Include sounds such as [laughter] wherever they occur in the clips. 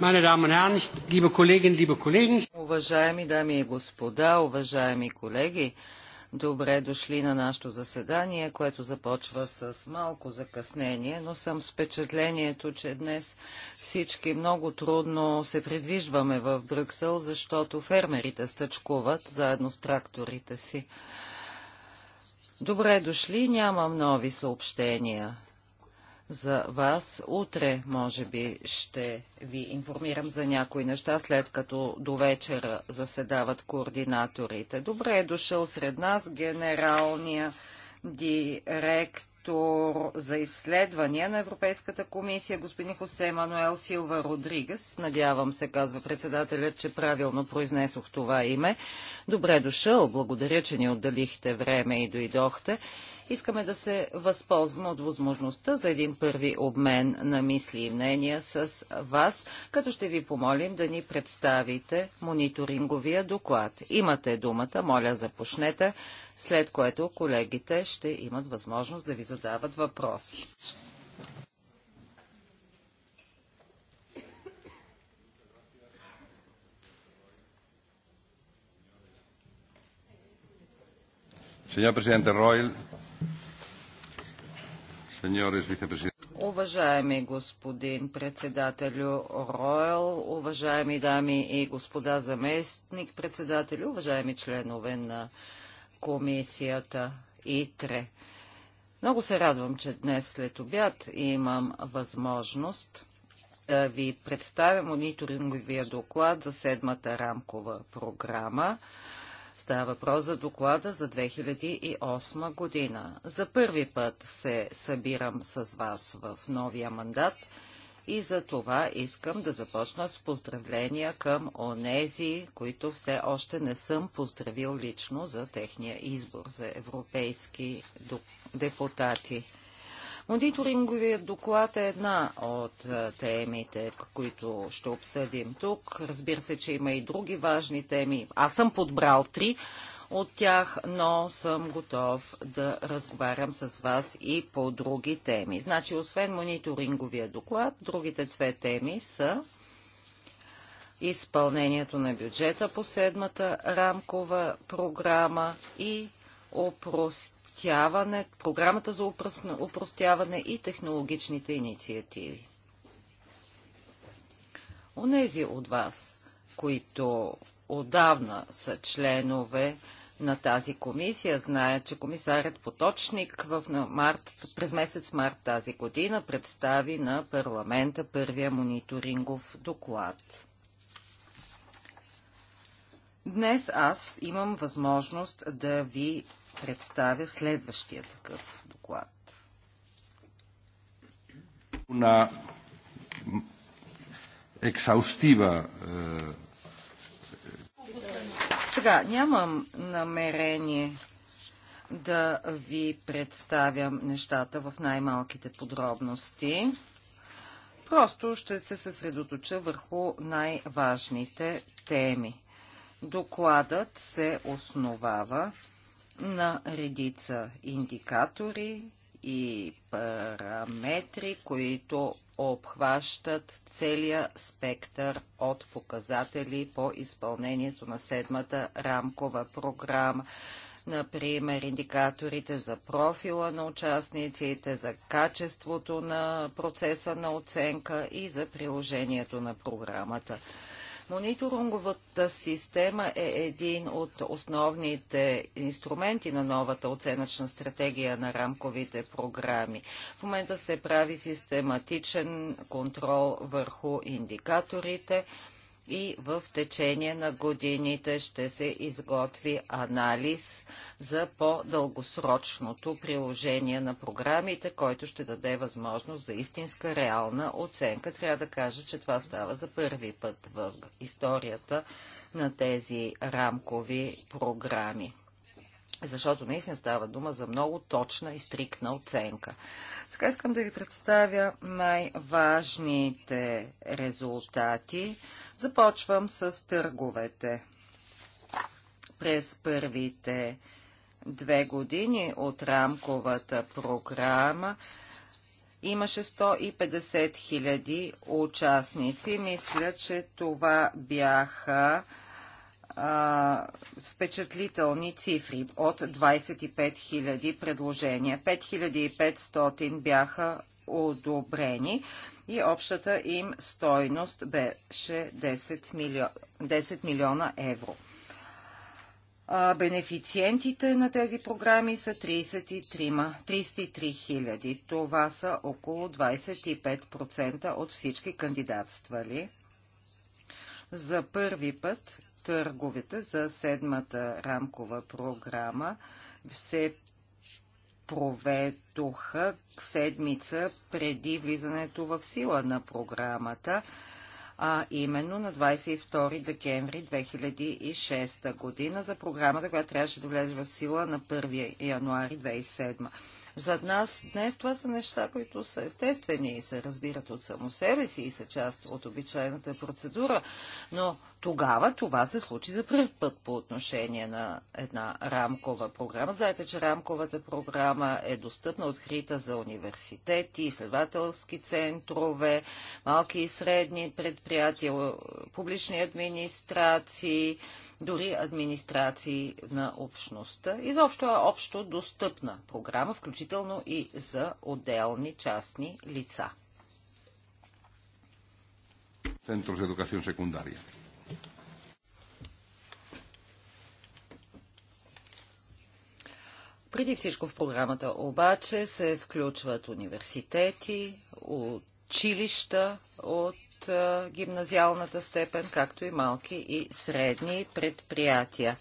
Уважаеми дами и господа, уважаеми колеги, добре дошли на нашето заседание, което започва с малко закъснение, но съм с впечатлението, че днес всички много трудно се придвижваме в Брюксел, защото фермерите стъчкуват заедно с тракторите си. Добре дошли, нямам нови съобщения за вас. Утре, може би, ще ви информирам за някои неща, след като до вечера заседават координаторите. Добре е дошъл сред нас генералния директор за изследвания на Европейската комисия, господин Хосе Мануел Силва Родригес. Надявам се, казва председателят, че правилно произнесох това име. Добре дошъл, благодаря, че ни отделихте време и дойдохте. Искаме да се възползваме от възможността за един първи обмен на мисли и мнения с вас, като ще ви помолим да ни представите мониторинговия доклад. Имате думата, моля започнете, след което колегите ще имат възможност да ви задават въпроси. Señor presidente Royal, Уважаеми господин председателю Ройл, уважаеми дами и господа заместник председатели, уважаеми членове на комисията ИТРЕ. Много се радвам, че днес след обяд имам възможност да ви представя мониторинговия доклад за седмата рамкова програма. Става въпрос за доклада за 2008 година. За първи път се събирам с вас в новия мандат и за това искам да започна с поздравления към онези, които все още не съм поздравил лично за техния избор за европейски депутати. Мониторинговият доклад е една от е, темите, които ще обсъдим тук. Разбира се, че има и други важни теми. Аз съм подбрал три от тях, но съм готов да разговарям с вас и по други теми. Значи, освен мониторинговия доклад, другите две теми са изпълнението на бюджета по седмата рамкова програма и опростяване, програмата за опростяване и технологичните инициативи. Онези от вас, които отдавна са членове на тази комисия. Знаят, че комисарят Поточник в март, през месец март тази година представи на парламента първия мониторингов доклад. Днес аз имам възможност да ви представя следващия такъв доклад. Una exhaustiva eh, сега нямам намерение да ви представям нещата в най-малките подробности. Просто ще се съсредоточа върху най-важните теми. Докладът се основава на редица индикатори и параметри, които обхващат целия спектър от показатели по изпълнението на седмата рамкова програма. Например, индикаторите за профила на участниците, за качеството на процеса на оценка и за приложението на програмата. Мониторинговата система е един от основните инструменти на новата оценъчна стратегия на рамковите програми. В момента се прави систематичен контрол върху индикаторите, и в течение на годините ще се изготви анализ за по-дългосрочното приложение на програмите, който ще даде възможност за истинска реална оценка. Трябва да кажа, че това става за първи път в историята на тези рамкови програми. Защото наистина става дума за много точна и стрикна оценка. Сега искам да ви представя най-важните резултати. Започвам с търговете. През първите две години от рамковата програма имаше 150 000 участници. Мисля, че това бяха а, впечатлителни цифри от 25 000 предложения. 5500 бяха одобрени и общата им стойност беше 10, 10 милиона евро. А, бенефициентите на тези програми са 33, 000. Това са около 25% от всички кандидатствали. За първи път търговете за седмата рамкова програма се проведоха седмица преди влизането в сила на програмата, а именно на 22 декември 2006 година за програмата, която трябваше да влезе в сила на 1 януари 2007. За нас днес това са неща, които са естествени и се разбират от само себе си и са част от обичайната процедура, но тогава това се случи за първ път по отношение на една рамкова програма. Знаете, че рамковата програма е достъпна, открита за университети, изследователски центрове, малки и средни предприятия, публични администрации, дори администрации на общността. Изобщо е общо достъпна програма, включително и за отделни частни лица. Център за educación secundaria. Преди всичко в програмата обаче се включват университети, училища от гимназиалната степен, както и малки и средни предприятия.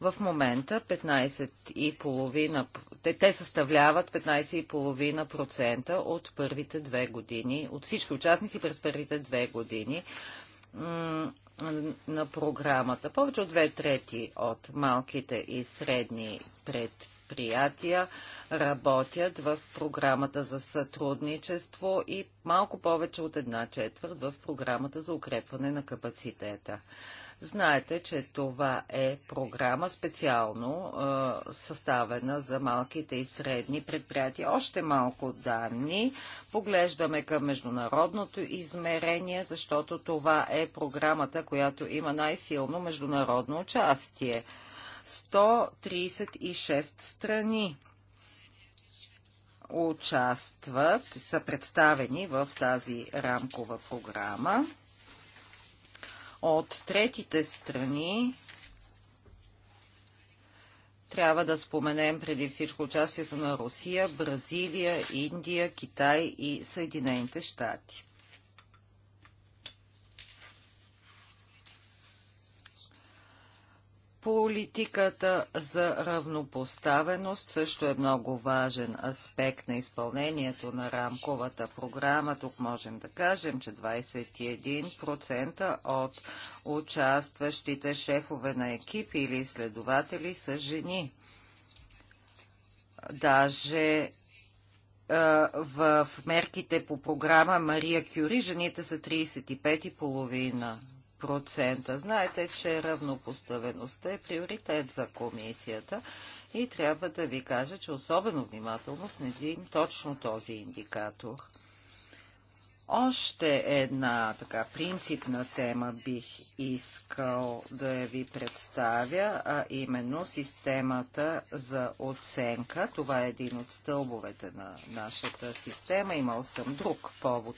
В момента 15,5, те, те съставляват 15,5% от първите две години, от всички участници през първите две години на програмата. Повече от две трети от малките и средни предприятия работят в програмата за сътрудничество и малко повече от една четвърт в програмата за укрепване на капацитета. Знаете, че това е програма специално е, съставена за малките и средни предприятия. Още малко данни. Поглеждаме към международното измерение, защото това е програмата, която има най-силно международно участие. 136 страни участват, са представени в тази рамкова програма от третите страни, трябва да споменем преди всичко участието на Русия, Бразилия, Индия, Китай и Съединените щати. Политиката за равнопоставеност също е много важен аспект на изпълнението на рамковата програма. Тук можем да кажем, че 21% от участващите шефове на екипи или изследователи са жени. Даже в мерките по програма Мария Кюри жените са 35,5%. 10%. Знаете, че равнопоставеността е приоритет за комисията и трябва да ви кажа, че особено внимателно следим точно този индикатор. Още една така принципна тема бих искал да я ви представя, а именно системата за оценка. Това е един от стълбовете на нашата система. Имал съм друг повод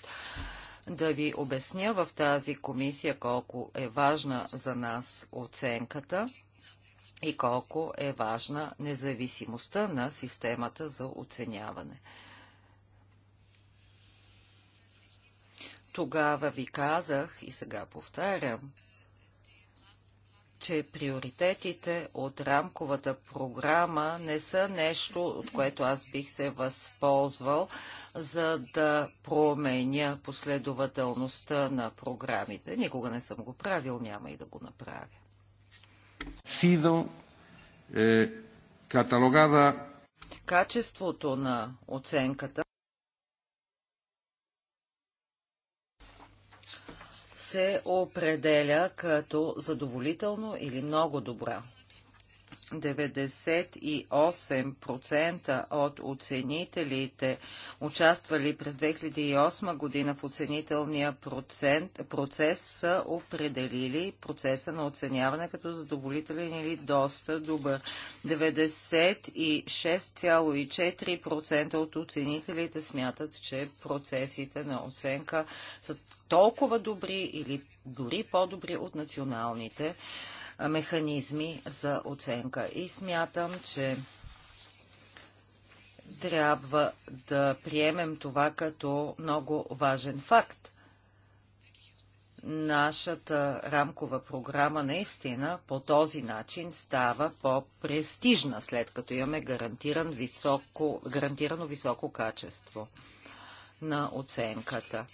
да ви обясня в тази комисия колко е важна за нас оценката и колко е важна независимостта на системата за оценяване. Тогава ви казах и сега повтарям, че приоритетите от рамковата програма не са нещо, от което аз бих се възползвал, за да променя последователността на програмите. Никога не съм го правил, няма и да го направя. Сидо е каталогада. Качеството на оценката се определя като задоволително или много добра. 98% от оценителите, участвали през 2008 година в оценителния процент, процес, са определили процеса на оценяване като задоволителен или доста добър. 96,4% от оценителите смятат, че процесите на оценка са толкова добри или дори по-добри от националните механизми за оценка. И смятам, че трябва да приемем това като много важен факт. Нашата рамкова програма наистина по този начин става по-престижна, след като имаме гарантиран високо, гарантирано високо качество на оценката.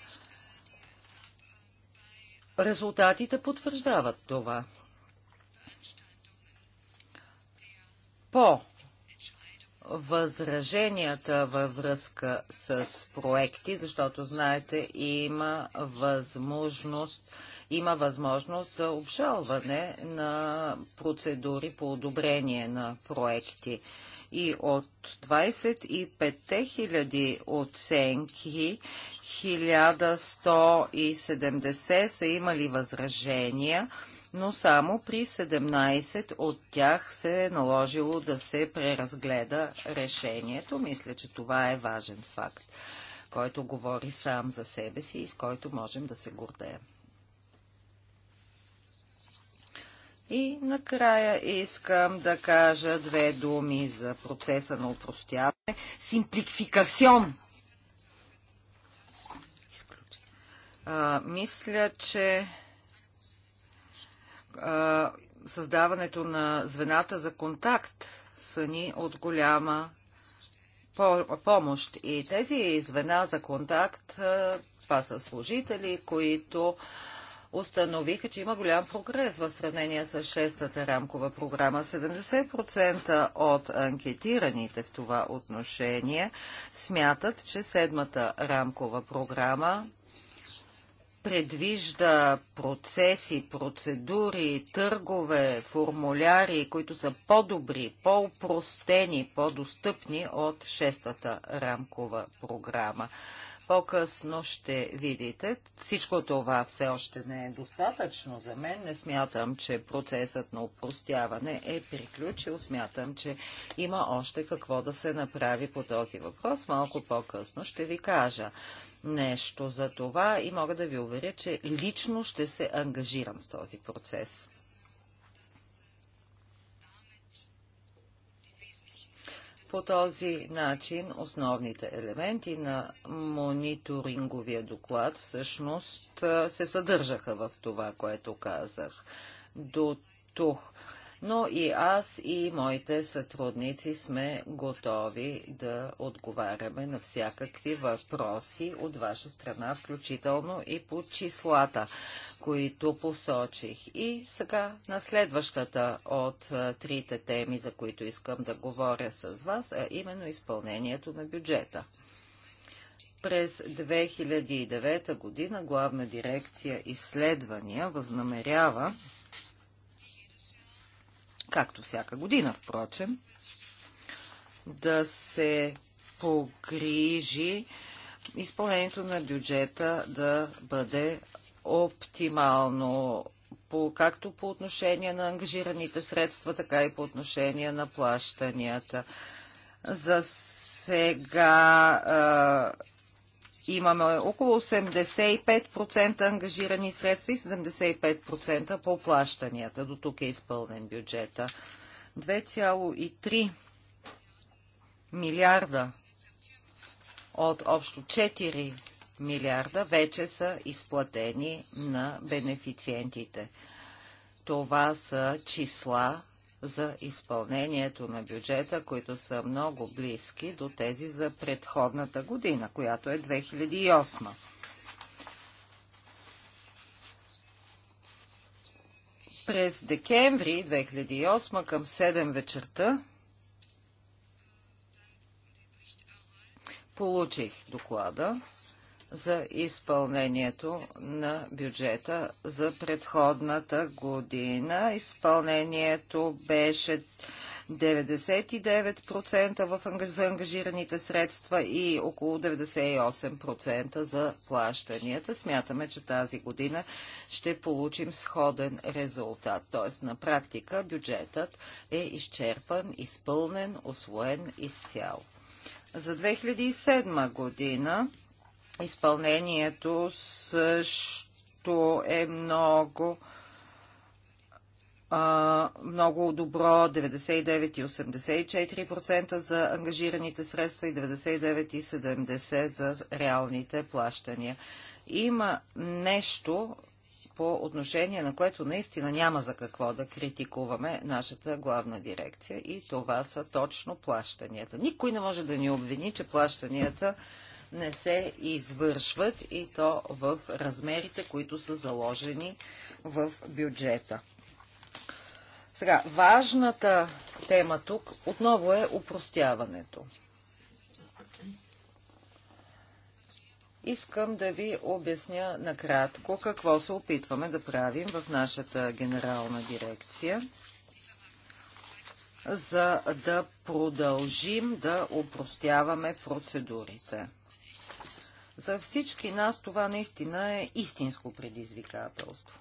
Резултатите потвърждават това. по възраженията във връзка с проекти, защото знаете, има възможност има възможност за обжалване на процедури по одобрение на проекти. И от 25 000 оценки, 1170 са имали възражения, но само при 17 от тях се е наложило да се преразгледа решението. Мисля, че това е важен факт, който говори сам за себе си и с който можем да се гордеем. И накрая искам да кажа две думи за процеса на упростяване. Симплификацион. мисля, че създаването на звената за контакт са ни от голяма помощ. И тези звена за контакт, това са служители, които установиха, че има голям прогрес в сравнение с шестата рамкова програма. 70% от анкетираните в това отношение смятат, че седмата рамкова програма предвижда процеси, процедури, търгове, формуляри, които са по-добри, по-упростени, по-достъпни от шестата рамкова програма. По-късно ще видите. Всичко това все още не е достатъчно за мен. Не смятам, че процесът на упростяване е приключил. Смятам, че има още какво да се направи по този въпрос. Малко по-късно ще ви кажа нещо за това и мога да ви уверя, че лично ще се ангажирам с този процес. По този начин основните елементи на мониторинговия доклад всъщност се съдържаха в това, което казах до тук но и аз и моите сътрудници сме готови да отговаряме на всякакви въпроси от ваша страна, включително и по числата, които посочих. И сега на следващата от трите теми, за които искам да говоря с вас, а именно изпълнението на бюджета. През 2009 година главна дирекция изследвания възнамерява както всяка година, впрочем, да се погрижи изпълнението на бюджета да бъде оптимално, по, както по отношение на ангажираните средства, така и по отношение на плащанията. За сега Имаме около 85% ангажирани средства и 75% по плащанията. До тук е изпълнен бюджета. 2,3 милиарда от общо 4 милиарда вече са изплатени на бенефициентите. Това са числа, за изпълнението на бюджета, които са много близки до тези за предходната година, която е 2008. През декември 2008 към 7 вечерта получих доклада за изпълнението на бюджета за предходната година. Изпълнението беше 99% в ангажираните средства и около 98% за плащанията. Смятаме, че тази година ще получим сходен резултат. Т.е. на практика бюджетът е изчерпан, изпълнен, освоен изцяло. За 2007 година Изпълнението също е много много добро 99,84% за ангажираните средства и 99,70% за реалните плащания. Има нещо, по отношение на което наистина няма за какво да критикуваме нашата главна дирекция и това са точно плащанията. Никой не може да ни обвини, че плащанията не се извършват и то в размерите, които са заложени в бюджета. Сега, важната тема тук отново е упростяването. Искам да ви обясня накратко какво се опитваме да правим в нашата генерална дирекция, за да продължим да упростяваме процедурите. За всички нас това наистина е истинско предизвикателство.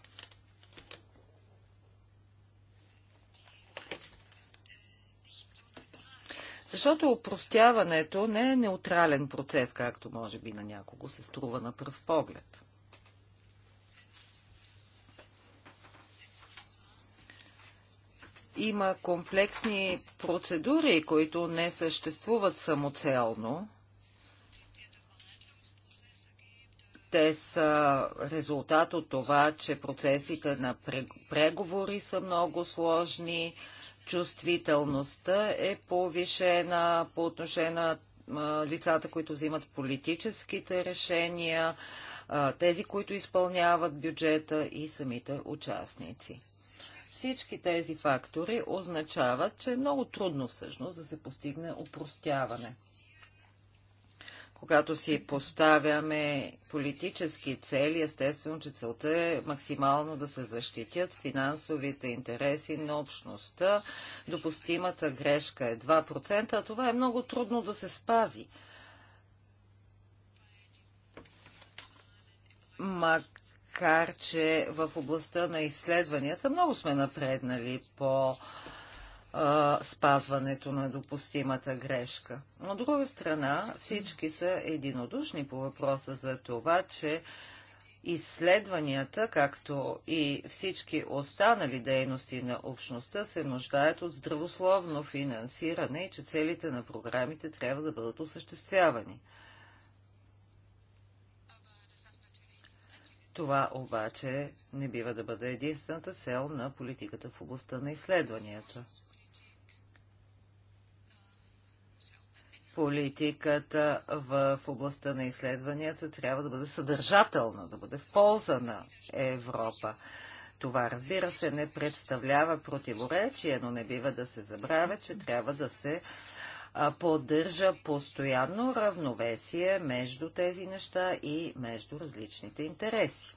Защото опростяването не е неутрален процес, както може би на някого се струва на пръв поглед. Има комплексни процедури, които не съществуват самоцелно. Те са резултат от това, че процесите на преговори са много сложни, чувствителността е повишена по отношение на лицата, които взимат политическите решения, тези, които изпълняват бюджета и самите участници. Всички тези фактори означават, че е много трудно всъщност да се постигне упростяване. Когато си поставяме политически цели, естествено, че целта е максимално да се защитят финансовите интереси на общността. Допустимата грешка е 2%, а това е много трудно да се спази. Макар, че в областта на изследванията много сме напреднали по а, спазването на допустимата грешка. От друга страна, всички са единодушни по въпроса за това, че изследванията, както и всички останали дейности на общността, се нуждаят от здравословно финансиране и че целите на програмите трябва да бъдат осъществявани. Това обаче не бива да бъде единствената цел на политиката в областта на изследванията. политиката в областта на изследванията трябва да бъде съдържателна, да бъде в полза на Европа. Това, разбира се, не представлява противоречие, но не бива да се забравя, че трябва да се поддържа постоянно равновесие между тези неща и между различните интереси.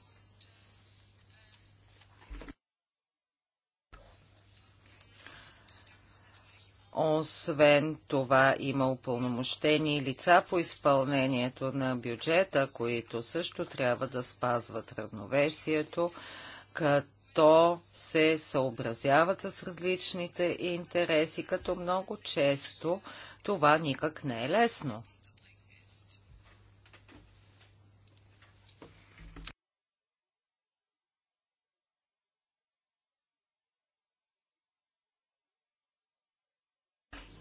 Освен това има упълномощени лица по изпълнението на бюджета, които също трябва да спазват равновесието, като се съобразяват с различните интереси, като много често това никак не е лесно.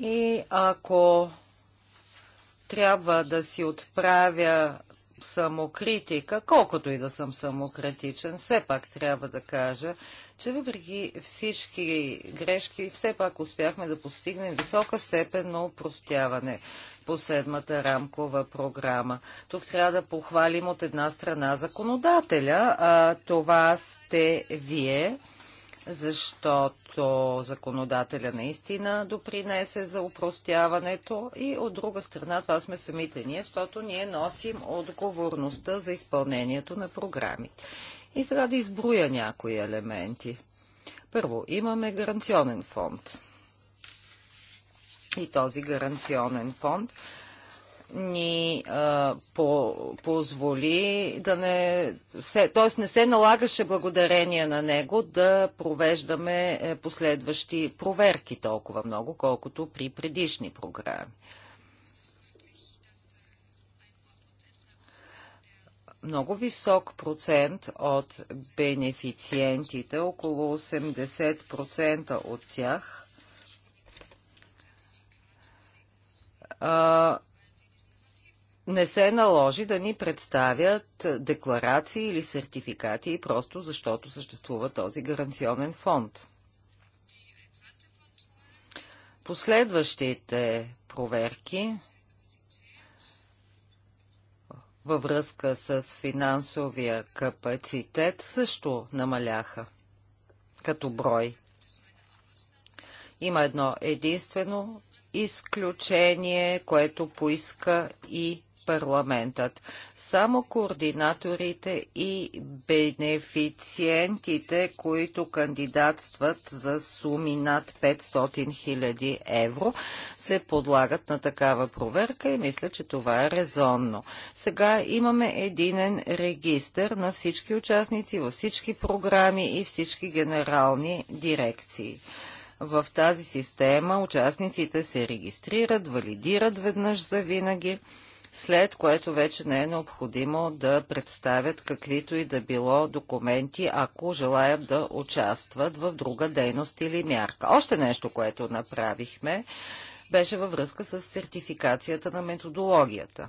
И ако трябва да си отправя самокритика, колкото и да съм самокритичен, все пак трябва да кажа, че въпреки всички грешки, все пак успяхме да постигнем висока степен на упростяване по седмата рамкова програма. Тук трябва да похвалим от една страна законодателя, а това сте вие защото законодателя наистина допринесе за упростяването и от друга страна това сме самите ние, защото ние носим отговорността за изпълнението на програмите. И сега да изброя някои елементи. Първо, имаме гаранционен фонд. И този гаранционен фонд ни а, по, позволи да не се, т.е. не се налагаше благодарение на него да провеждаме е, последващи проверки толкова много, колкото при предишни програми. много висок процент от бенефициентите, около 80% от тях, а, не се наложи да ни представят декларации или сертификати, просто защото съществува този гаранционен фонд. Последващите проверки във връзка с финансовия капацитет също намаляха като брой. Има едно единствено изключение, което поиска и парламентът. Само координаторите и бенефициентите, които кандидатстват за суми над 500 000 евро, се подлагат на такава проверка и мисля, че това е резонно. Сега имаме единен регистр на всички участници във всички програми и всички генерални дирекции. В тази система участниците се регистрират, валидират веднъж за винаги след което вече не е необходимо да представят каквито и да било документи, ако желаят да участват в друга дейност или мярка. Още нещо, което направихме, беше във връзка с сертификацията на методологията.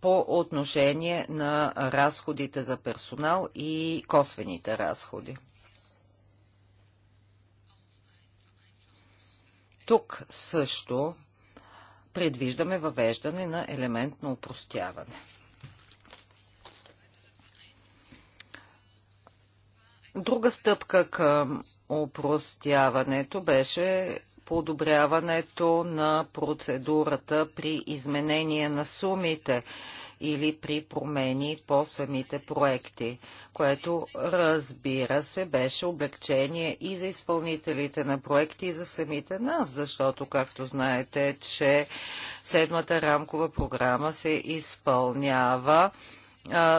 по отношение на разходите за персонал и косвените разходи. Тук също предвиждаме въвеждане на елемент на упростяване. Друга стъпка към упростяването беше подобряването на процедурата при изменение на сумите или при промени по самите проекти, което разбира се беше облегчение и за изпълнителите на проекти и за самите нас, защото както знаете, че седмата рамкова програма се изпълнява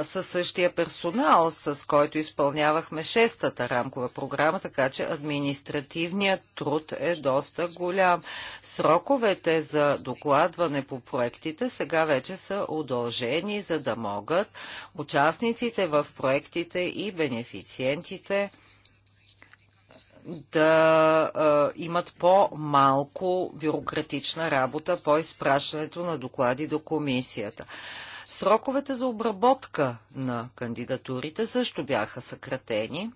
със същия персонал, с който изпълнявахме шестата рамкова програма, така че административният труд е доста голям. Сроковете за докладване по проектите сега вече са удължени, за да могат участниците в проектите и бенефициентите да е, имат по-малко бюрократична работа по изпращането на доклади до комисията. Сроковете за обработка на кандидатурите също бяха съкратени.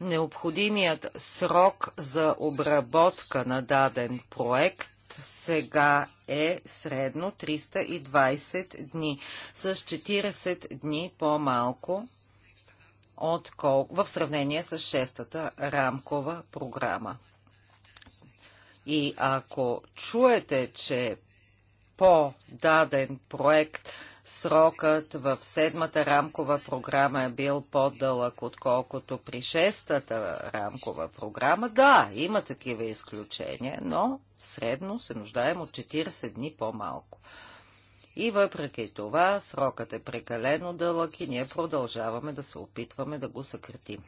Необходимият срок за обработка на даден проект сега е средно 320 дни, с 40 дни по-малко в сравнение с шестата рамкова програма. И ако чуете, че по даден проект срокът в седмата рамкова програма е бил по-дълъг, отколкото при шестата рамкова програма. Да, има такива изключения, но средно се нуждаем от 40 дни по-малко. И въпреки това, срокът е прекалено дълъг и ние продължаваме да се опитваме да го съкратим.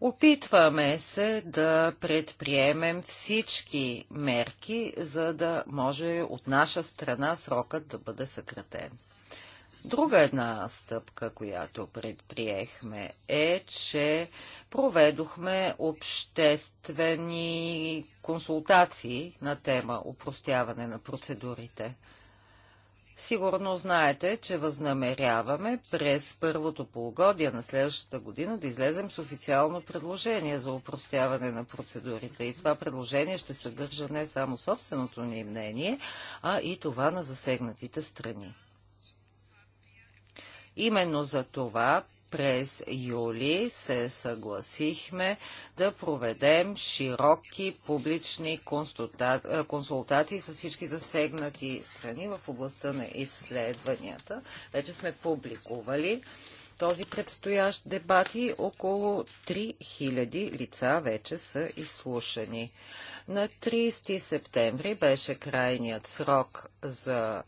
Опитваме се да предприемем всички мерки, за да може от наша страна срокът да бъде съкратен. Друга една стъпка, която предприехме е, че проведохме обществени консултации на тема упростяване на процедурите. Сигурно знаете, че възнамеряваме през първото полугодие на следващата година да излезем с официално предложение за упростяване на процедурите. И това предложение ще съдържа не само собственото ни мнение, а и това на засегнатите страни. Именно за това през юли се съгласихме да проведем широки публични консултации с всички засегнати страни в областта на изследванията. Вече сме публикували този предстоящ дебат и около 3000 лица вече са изслушани. На 30 септември беше крайният срок за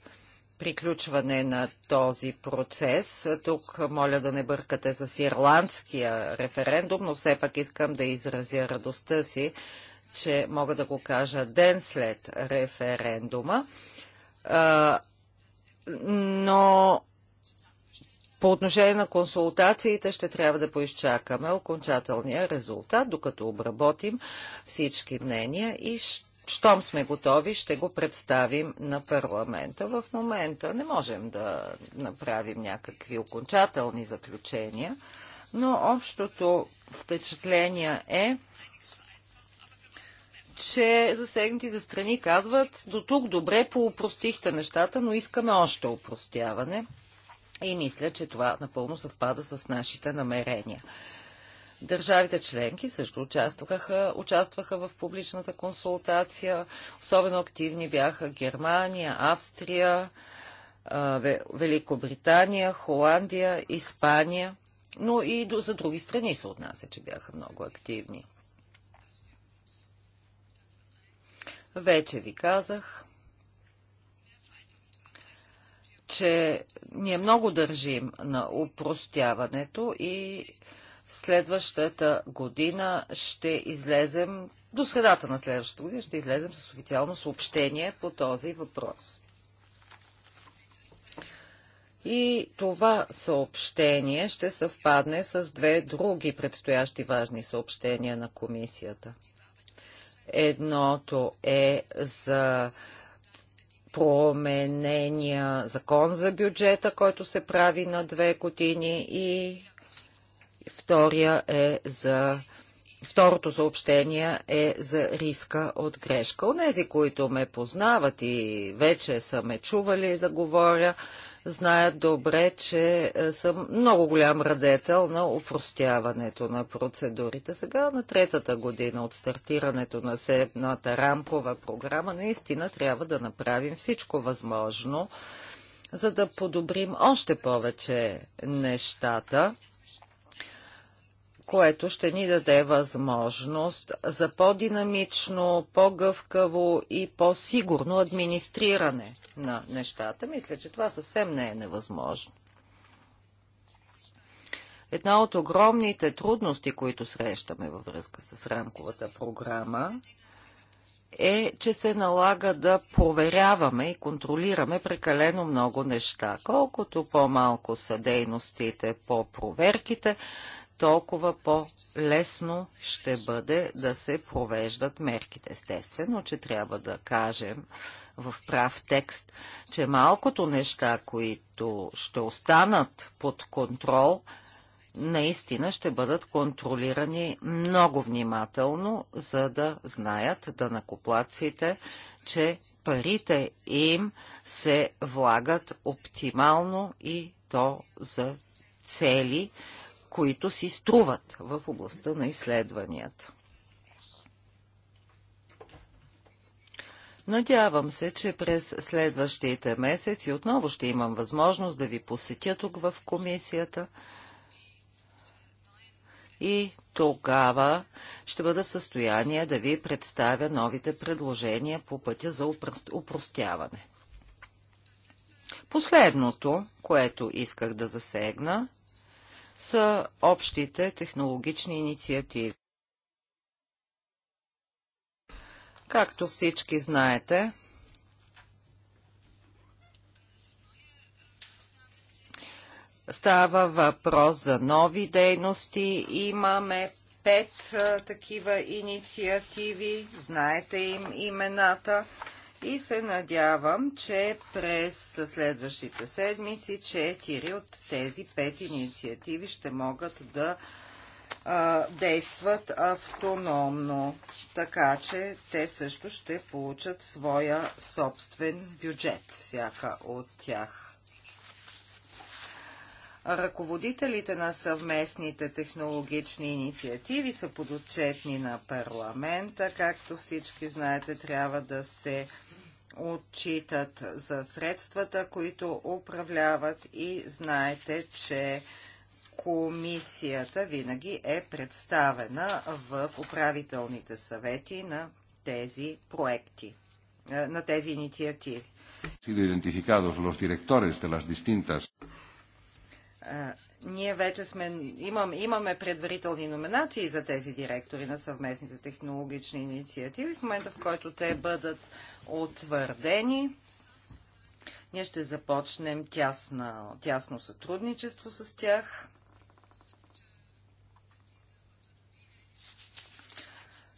приключване на този процес. Тук моля да не бъркате с ирландския референдум, но все пак искам да изразя радостта си, че мога да го кажа ден след референдума. но по отношение на консултациите ще трябва да поизчакаме окончателния резултат, докато обработим всички мнения и ще щом сме готови, ще го представим на парламента. В момента не можем да направим някакви окончателни заключения, но общото впечатление е, че засегнатите страни казват, до тук добре поупростихте нещата, но искаме още упростяване. И мисля, че това напълно съвпада с нашите намерения. Държавите членки също участваха, участваха в публичната консултация. Особено активни бяха Германия, Австрия, Великобритания, Холандия, Испания, но и за други страни се отнася, че бяха много активни. Вече ви казах, че ние много държим на упростяването и Следващата година ще излезем, до средата на следващата година ще излезем с официално съобщение по този въпрос. И това съобщение ще съвпадне с две други предстоящи важни съобщения на комисията. Едното е за променения закон за бюджета, който се прави на две години и Втория е за Второто съобщение е за риска от грешка. Онези, които ме познават и вече са ме чували да говоря, знаят добре, че е, съм много голям радетел на упростяването на процедурите. Сега на третата година от стартирането на седмата рамкова програма наистина трябва да направим всичко възможно, за да подобрим още повече нещата което ще ни даде възможност за по-динамично, по-гъвкаво и по-сигурно администриране на нещата. Мисля, че това съвсем не е невъзможно. Една от огромните трудности, които срещаме във връзка с рамковата програма, е, че се налага да проверяваме и контролираме прекалено много неща. Колкото по-малко са дейностите по проверките, толкова по-лесно ще бъде да се провеждат мерките. Естествено, че трябва да кажем в прав текст, че малкото неща, които ще останат под контрол, наистина ще бъдат контролирани много внимателно, за да знаят да накоплаците, че парите им се влагат оптимално и то за цели, които си струват в областта на изследванията. Надявам се, че през следващите месеци отново ще имам възможност да ви посетя тук в комисията и тогава ще бъда в състояние да ви представя новите предложения по пътя за упростяване. Последното, което исках да засегна, са общите технологични инициативи. Както всички знаете, става въпрос за нови дейности. Имаме пет а, такива инициативи, знаете им имената и се надявам, че през следващите седмици четири от тези пет инициативи ще могат да а, действат автономно, така че те също ще получат своя собствен бюджет, всяка от тях. Ръководителите на съвместните технологични инициативи са подотчетни на парламента. Както всички знаете, трябва да се отчитат за средствата, които управляват и знаете, че комисията винаги е представена в управителните съвети на тези проекти, е, на тези инициативи. Е, ние вече сме, имам, имаме предварителни номинации за тези директори на съвместните технологични инициативи. В момента, в който те бъдат утвърдени. Ние ще започнем тясна, тясно сътрудничество с тях.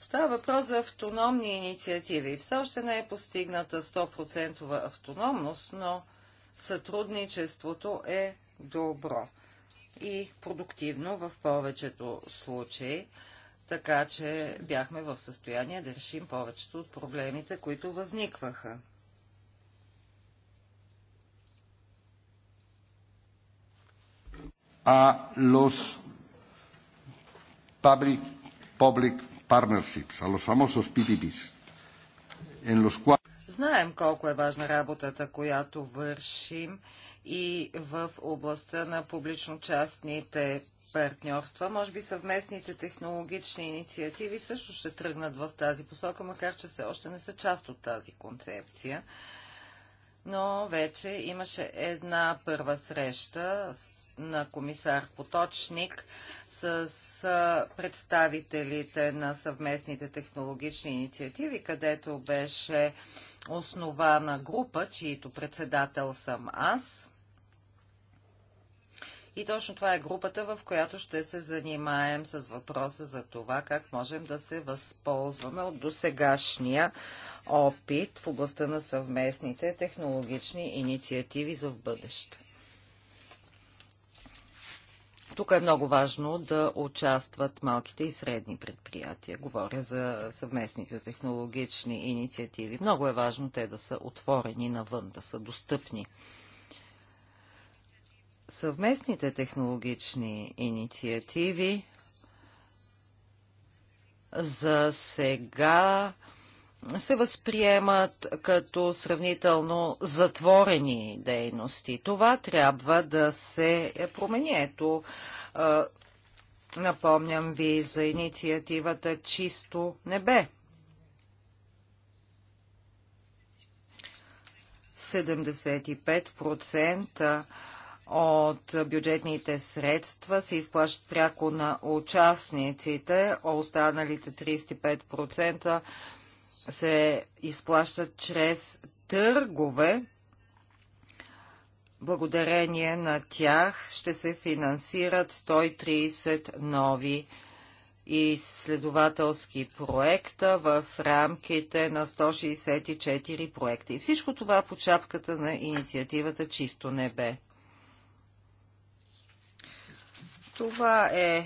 Става въпрос за автономни инициативи. Все още не е постигната 100% автономност, но сътрудничеството е добро и продуктивно в повечето случаи така че бяхме в състояние да решим повечето от проблемите, които възникваха. А los public, public partnerships, a los famosos PPPs, en los cuales... Знаем колко е важна работата, която вършим и в областта на публично-частните партньорства. Може би съвместните технологични инициативи също ще тръгнат в тази посока, макар че все още не са част от тази концепция. Но вече имаше една първа среща на комисар Поточник с представителите на съвместните технологични инициативи, където беше основана група, чието председател съм аз и точно това е групата, в която ще се занимаем с въпроса за това как можем да се възползваме от досегашния опит в областта на съвместните технологични инициативи за в бъдеще. Тук е много важно да участват малките и средни предприятия. Говоря за съвместните технологични инициативи. Много е важно те да са отворени навън, да са достъпни съвместните технологични инициативи за сега се възприемат като сравнително затворени дейности. Това трябва да се промени. Ето, напомням ви за инициативата Чисто небе. 75% от бюджетните средства се изплащат пряко на участниците, а останалите 35% се изплащат чрез търгове. Благодарение на тях ще се финансират 130 нови изследователски проекта в рамките на 164 проекта. И всичко това по чапката на инициативата Чисто небе. Това е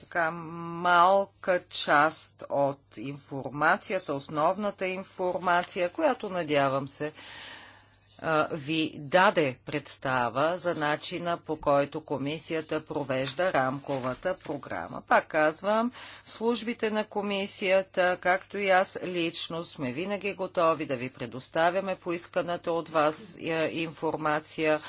така малка част от информацията, основната информация, която надявам се ви даде представа за начина по който комисията провежда рамковата програма. Пак казвам, службите на комисията, както и аз лично, сме винаги готови да ви предоставяме поисканата от вас е, информация.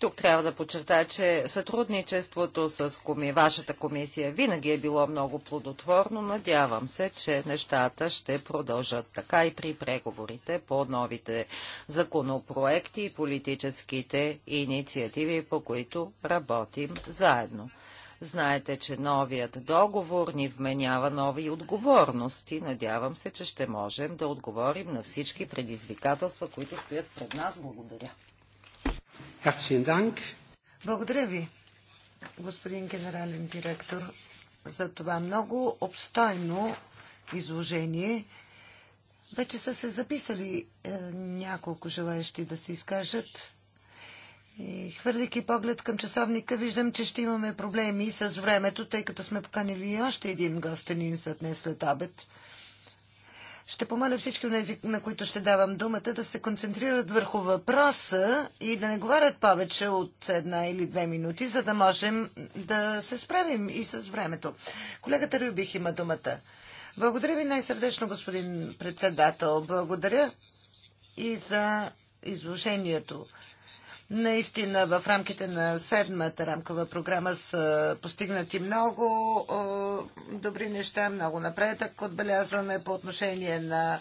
Тук трябва да подчертая, че сътрудничеството с коми... вашата комисия винаги е било много плодотворно. Надявам се, че нещата ще продължат така и при преговорите по новите законопроекти и политическите инициативи, по които работим заедно. Знаете, че новият договор ни вменява нови отговорности. Надявам се, че ще можем да отговорим на всички предизвикателства, които стоят пред нас. Благодаря. Благодаря ви, господин генерален директор, за това много обстойно изложение. Вече са се записали е, няколко желаящи да се изкажат. И хвърлики поглед към часовника, виждам, че ще имаме проблеми с времето, тъй като сме поканили още един гостенин за днес след обед. Ще помоля всички от тези, на които ще давам думата, да се концентрират върху въпроса и да не говорят повече от една или две минути, за да можем да се справим и с времето. Колегата Рюбих има думата. Благодаря ви най-сърдечно, господин председател. Благодаря и за изложението. Наистина в рамките на седмата рамкова програма са постигнати много добри неща, много напредък отбелязваме по отношение на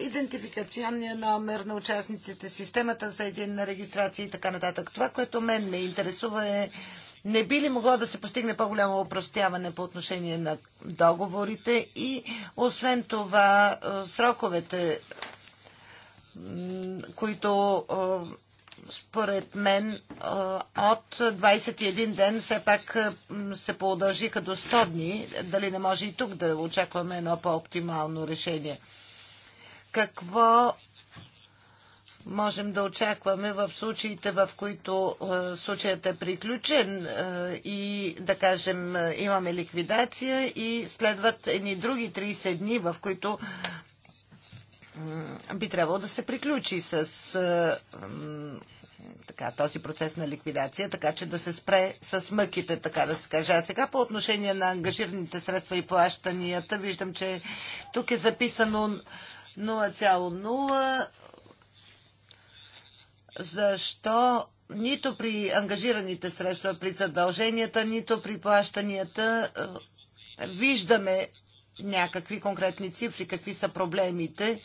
идентификационния номер на участниците, системата за един на регистрация и така нататък. Това, което мен ме интересува е не би ли могло да се постигне по-голямо опростяване по отношение на договорите и освен това сроковете които според мен от 21 ден все пак се поудължиха до 100 дни. Дали не може и тук да очакваме едно по-оптимално решение? Какво можем да очакваме в случаите, в които случаят е приключен и, да кажем, имаме ликвидация и следват едни други 30 дни, в които би трябвало да се приключи с така, този процес на ликвидация, така че да се спре с мъките, така да се каже. А сега по отношение на ангажираните средства и плащанията, виждам, че тук е записано 0,0. Защо нито при ангажираните средства, при задълженията, нито при плащанията виждаме някакви конкретни цифри, какви са проблемите?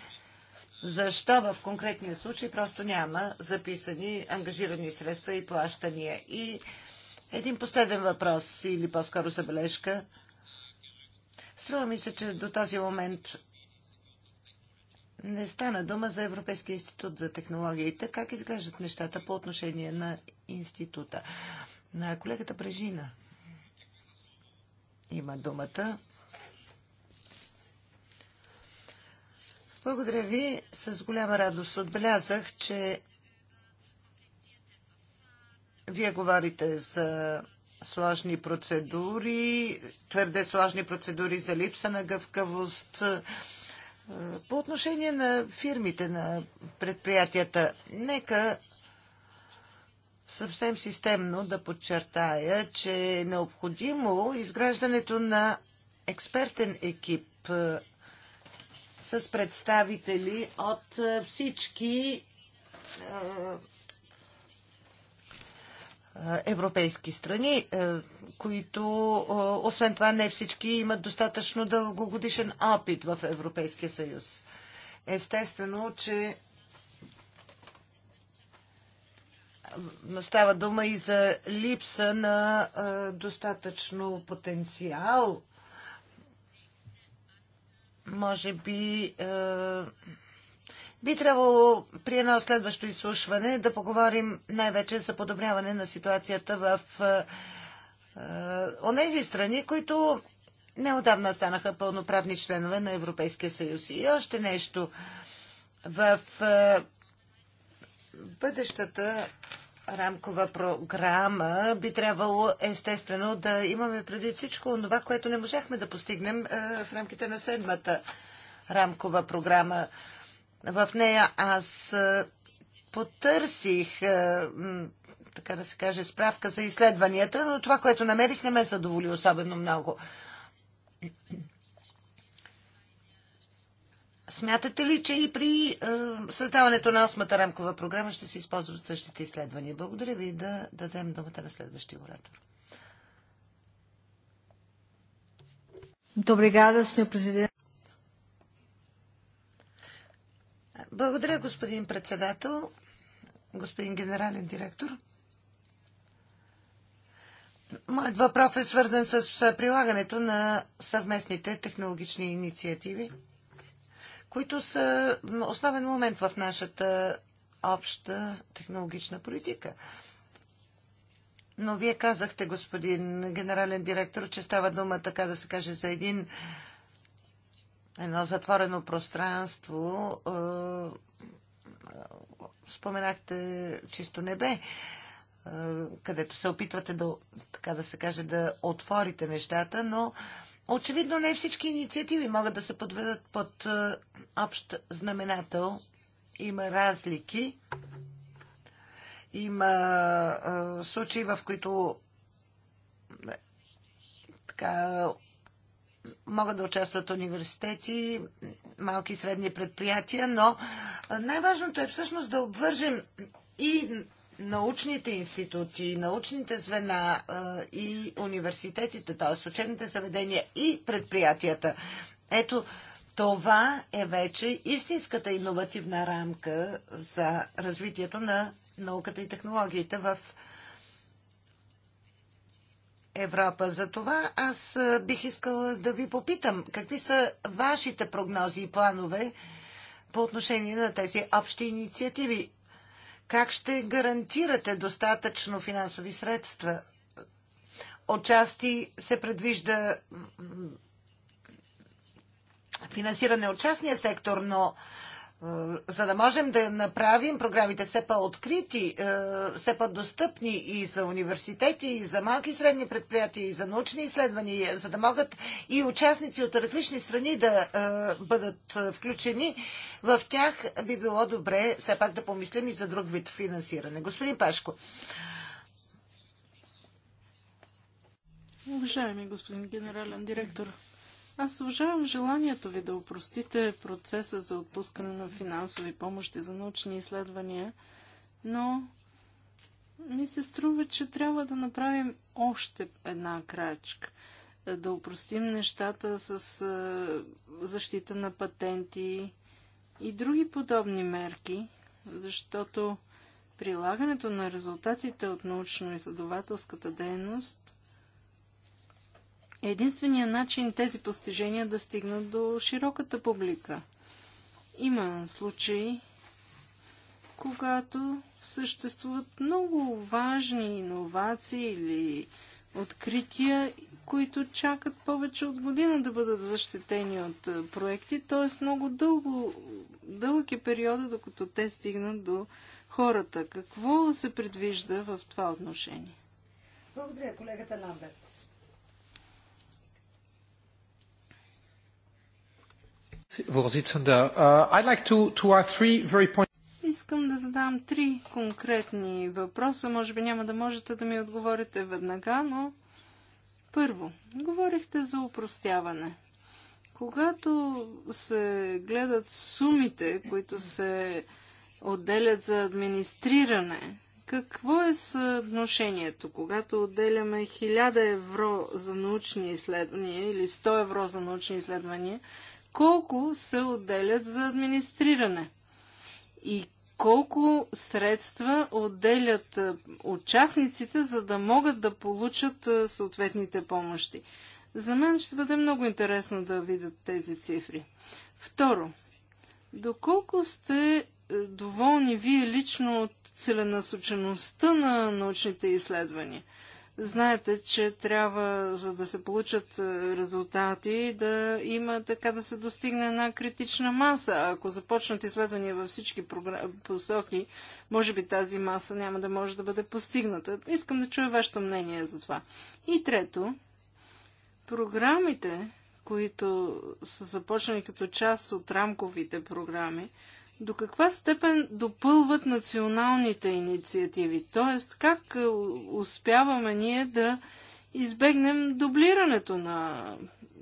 защо в конкретния случай просто няма записани ангажирани средства и плащания. И един последен въпрос или по-скоро забележка. Струва ми се, че до този момент не стана дума за Европейския институт за технологиите. Как изглеждат нещата по отношение на института? На колегата Прежина има думата. Благодаря ви. С голяма радост отбелязах, че вие говорите за сложни процедури, твърде сложни процедури за липса на гъвкавост. Е, по отношение на фирмите, на предприятията, нека съвсем системно да подчертая, че е необходимо изграждането на експертен екип е, с представители от е, всички е, е, европейски страни, които, освен това, не всички имат достатъчно дългогодишен опит в Европейския съюз. Естествено, че става дума и за липса на достатъчно потенциал може би е, би трябвало при едно следващо изслушване да поговорим най-вече за подобряване на ситуацията в е, е, онези страни, които неодавна станаха пълноправни членове на Европейския съюз. И още нещо. В бъдещата рамкова програма би трябвало естествено да имаме преди всичко това, което не можахме да постигнем е, в рамките на седмата рамкова програма. В нея аз е, потърсих, е, така да се каже, справка за изследванията, но това, което намерих, не ме задоволи особено много. Смятате ли, че и при е, създаването на осмата рамкова програма ще се използват същите изследвания? Благодаря ви да дадем думата на следващия оратор. Добре, сеньор президент. Благодаря, господин председател, господин генерален директор. Моят въпрос е свързан с прилагането на съвместните технологични инициативи които са основен момент в нашата обща технологична политика. Но вие казахте, господин генерален директор, че става дума, така да се каже, за един едно затворено пространство. Е, споменахте чисто небе, е, където се опитвате да, така да се каже, да отворите нещата, но Очевидно не всички инициативи могат да се подведат под е, общ знаменател. Има разлики. Има е, случаи, в които е, така, могат да участват университети, малки и средни предприятия, но най-важното е всъщност да обвържем и научните институти, научните звена и университетите, т.е. учебните заведения и предприятията. Ето, това е вече истинската иновативна рамка за развитието на науката и технологиите в Европа. За това аз бих искала да ви попитам, какви са вашите прогнози и планове по отношение на тези общи инициативи как ще гарантирате достатъчно финансови средства? Отчасти се предвижда финансиране от частния сектор, но е, за да можем да направим програмите все по-открити, е, все по-достъпни и за университети, и за малки и средни предприятия, и за научни изследвания, за да могат и участници от различни страни да е, бъдат включени, в тях би било добре все пак да помислим и за друг вид финансиране. Господин Пашко. Уважаеми господин генерален директор, аз уважавам желанието ви да упростите процеса за отпускане на финансови помощи за научни изследвания, но ми се струва, че трябва да направим още една крачка. Да упростим нещата с защита на патенти и други подобни мерки, защото прилагането на резултатите от научно-изследователската дейност единствения начин тези постижения да стигнат до широката публика. Има случаи, когато съществуват много важни иновации или открития, които чакат повече от година да бъдат защитени от е, проекти, т.е. много дълго, дълъг е периода, докато те стигнат до хората. Какво се предвижда в това отношение? Благодаря, колегата Ламберт. Eh, Искам да задам три конкретни въпроса. Може би няма да можете да ми отговорите веднага, но първо, говорихте за упростяване. Когато се гледат сумите, които се отделят за администриране, какво е съотношението, когато отделяме 1000 евро за научни изследвания или 100 евро за научни изследвания колко се отделят за администриране и колко средства отделят участниците, за да могат да получат съответните помощи. За мен ще бъде много интересно да видят тези цифри. Второ, доколко сте е, доволни вие лично от целенасочеността на научните изследвания? Знаете, че трябва, за да се получат е, резултати, да има така да се достигне една критична маса. Ако започнат изследвания във всички посоки, може би тази маса няма да може да бъде постигната. Искам да чуя вашето мнение за това. И трето, програмите, които са започнали като част от рамковите програми, до каква степен допълват националните инициативи? Тоест, как е, успяваме ние да избегнем дублирането на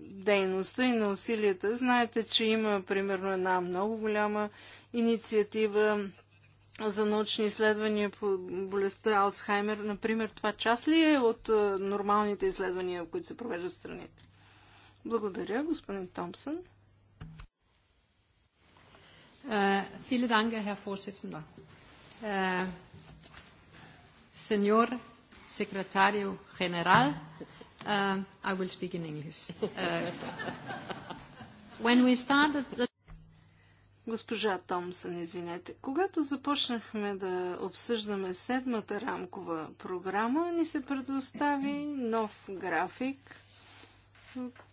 дейността и на усилията? Знаете, че има, примерно, една много голяма инициатива за научни изследвания по болестта Алцхаймер. Например, това част ли е от е, нормалните изследвания, които се провеждат в страните? Благодаря, господин Томпсън. Eh, Dank, Herr Vorsitzender. Eh, Senor Secretario General, uh, I will speak in English. Uh, when we started the Госпожа Томсън, извинете. Когато започнахме да обсъждаме седмата рамкова програма, ни се предостави нов график.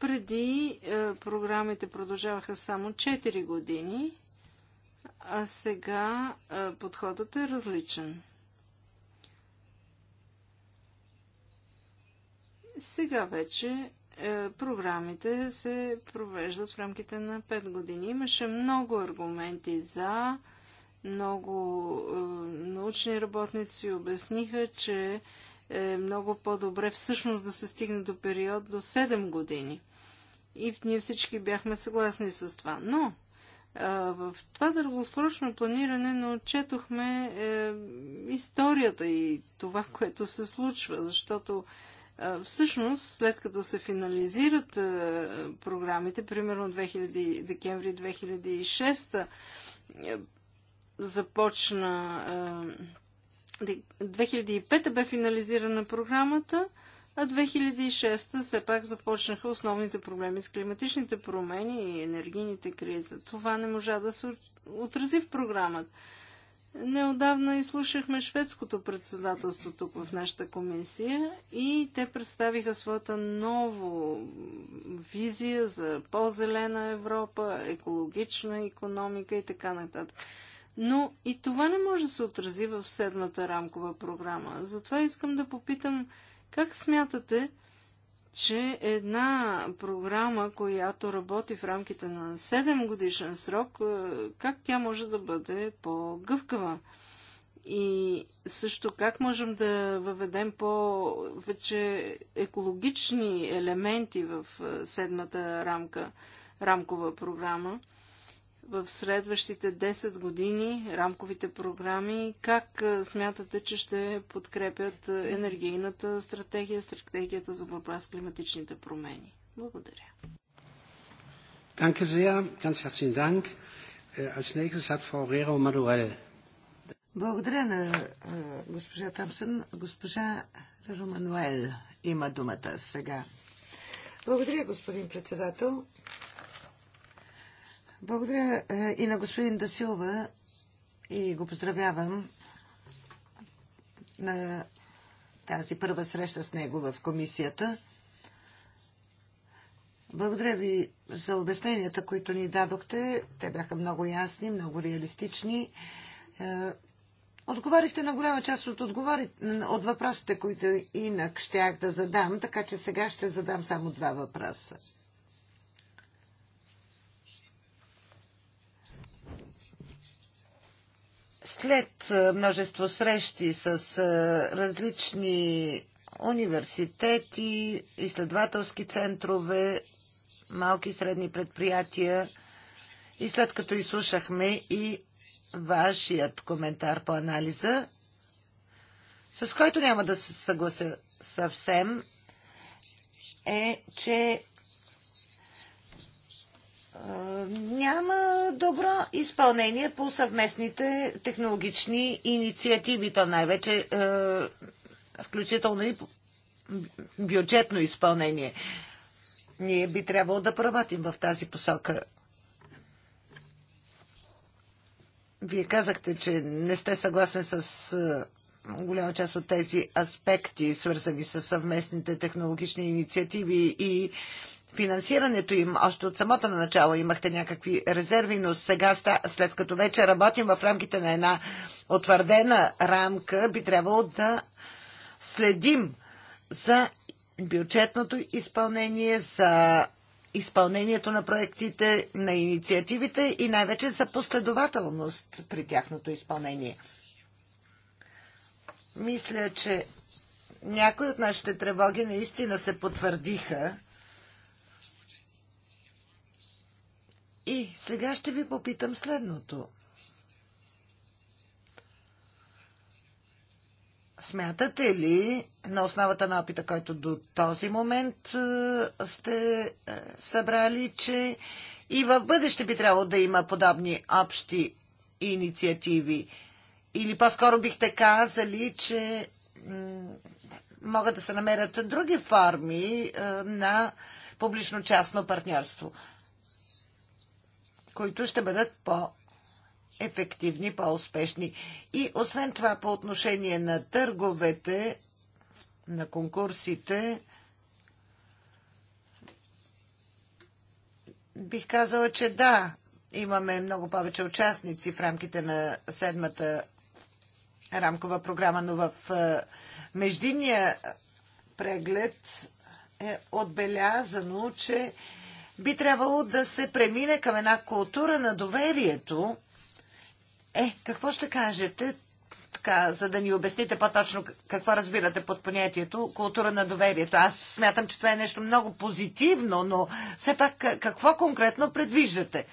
Преди е, програмите продължаваха само 4 години а сега е, подходът е различен. Сега вече е, програмите се провеждат в рамките на 5 години. Имаше много аргументи за, много е, научни работници обясниха, че е много по-добре всъщност да се стигне до период до 7 години. И ние всички бяхме съгласни с това. Но в това дългосрочно планиране научетохме е, историята и това, което се случва, защото е, всъщност, след като се финализират е, програмите, примерно 2000, декември 2006, е, започна 2005 бе финализирана програмата, а 2006 все пак започнаха основните проблеми с климатичните промени и енергийните кризи. Това не можа да се отрази в програмата. Неодавна изслушахме шведското председателство тук в нашата комисия и те представиха своята нова визия за по-зелена Европа, екологична економика и така нататък. Но и това не може да се отрази в седмата рамкова програма. Затова искам да попитам как смятате, че една програма, която работи в рамките на 7 годишен срок, е, как тя може да бъде по-гъвкава? И също как можем да въведем по-вече екологични елементи в е, седмата рамка, рамкова програма? в следващите 10 години рамковите програми, как смятате, че ще подкрепят енергийната стратегия, стратегията за борба с климатичните промени? Благодаря. Danke sehr, ganz herzlichen Dank. Äh, als nächstes hat Frau Rero Manuel. Благодаря на госпожа Тамсън. Госпожа Реро Мануел има думата сега. Благодаря, господин председател. Благодаря е, и на господин Дасилва и го поздравявам на тази първа среща с него в комисията. Благодаря ви за обясненията, които ни дадохте. Те бяха много ясни, много реалистични. Е, отговорихте на голяма част от, отговори... от въпросите, които инак щях да задам, така че сега ще задам само два въпроса. След множество срещи с различни университети, изследователски центрове, малки и средни предприятия и след като изслушахме и вашият коментар по анализа, с който няма да се съглася съвсем, е, че няма добро изпълнение по съвместните технологични инициативи, то най-вече е, включително и бюджетно изпълнение. Ние би трябвало да проработим в тази посока. Вие казахте, че не сте съгласен с е, голяма част от тези аспекти, свързани с съвместните технологични инициативи и финансирането им. Още от самото на начало имахте някакви резерви, но сега, след като вече работим в рамките на една утвърдена рамка, би трябвало да следим за бюджетното изпълнение, за изпълнението на проектите, на инициативите и най-вече за последователност при тяхното изпълнение. Мисля, че някои от нашите тревоги наистина се потвърдиха И сега ще ви попитам следното. Смятате ли, на основата на опита, който до този момент е, сте е, събрали, че и в бъдеще би трябвало да има подобни общи инициативи? Или по-скоро бихте казали, че могат да се намерят други форми е, на публично-частно партньорство? които ще бъдат по ефективни, по-успешни. И освен това, по отношение на търговете, на конкурсите, бих казала, че да, имаме много повече участници в рамките на седмата рамкова програма, но в е, междинния преглед е отбелязано, че би трябвало да се премине към една култура на доверието. Е, какво ще кажете, така, за да ни обясните по-точно какво разбирате под понятието култура на доверието? Аз смятам, че това е нещо много позитивно, но все пак какво конкретно предвиждате?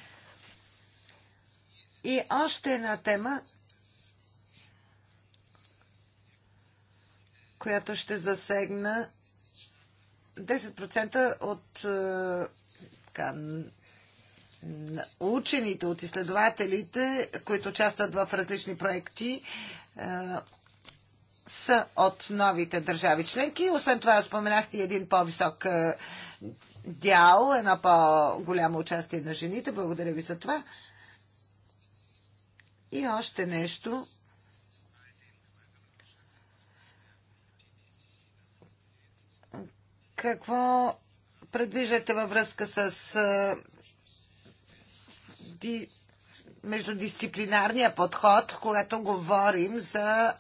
И още една тема, която ще засегна 10% от е, така, учените, от изследователите, които участват в различни проекти, е, са от новите държави членки. Освен това, споменахте един по-висок е, дял, едно по-голямо участие на жените. Благодаря ви за това. И още нещо. Какво предвиждате във връзка с междудисциплинарния подход, когато говорим за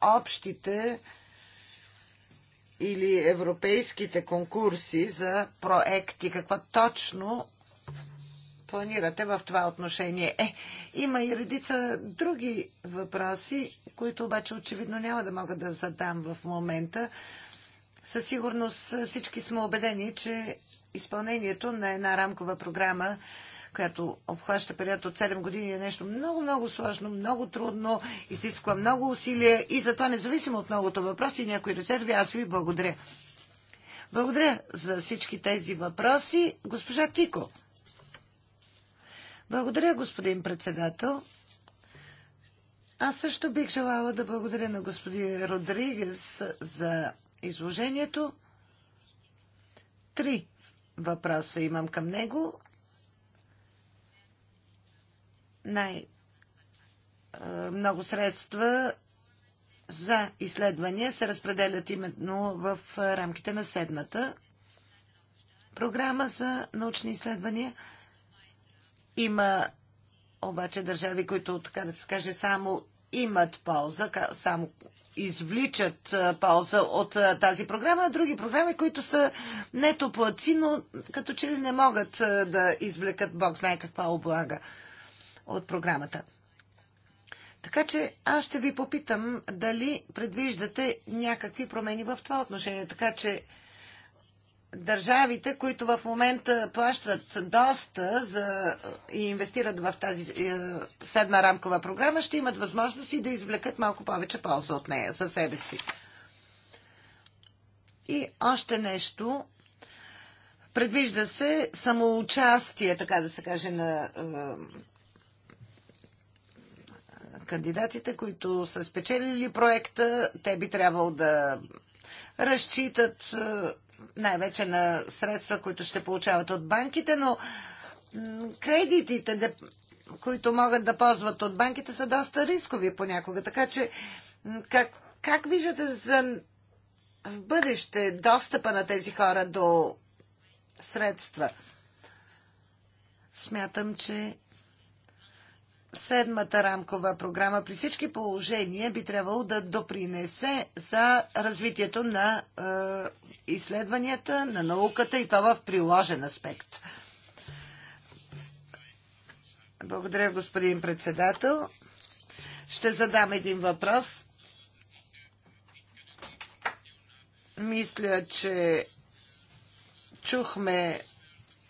общите или европейските конкурси за проекти? Какво точно планирате в това отношение? Е, има и редица други въпроси, които обаче очевидно няма да мога да задам в момента. Със сигурност всички сме убедени, че изпълнението на една рамкова програма, която обхваща период от 7 години, е нещо много, много сложно, много трудно, изисква много усилия и затова, независимо от многото въпроси и някои резерви, аз ви благодаря. Благодаря за всички тези въпроси. Госпожа Тико. Благодаря, господин председател. Аз също бих желала да благодаря на господин Родригес за изложението. Три въпроса имам към него. Най- е, много средства за изследвания се разпределят именно в рамките на седмата програма за научни изследвания. Има обаче държави, които, така да се каже, само имат полза, само извличат полза от тази програма, а други програми, които са нето плаци, но като че ли не могат да извлекат Бог знае каква облага от програмата. Така че аз ще ви попитам дали предвиждате някакви промени в това отношение, така че държавите, които в момента плащат доста за, и инвестират в тази е, седма рамкова програма, ще имат възможност и да извлекат малко повече полза от нея за себе си. И още нещо. Предвижда се самоучастие, така да се каже, на е, кандидатите, които са спечелили проекта. Те би трябвало да разчитат. Е, най-вече на средства, които ще получават от банките, но кредитите, които могат да ползват от банките, са доста рискови понякога. Така че, как, как виждате за в бъдеще достъпа на тези хора до средства? Смятам, че седмата рамкова програма при всички положения би трябвало да допринесе за развитието на е, изследванията, на науката и то в приложен аспект. Благодаря, господин председател. Ще задам един въпрос. Мисля, че чухме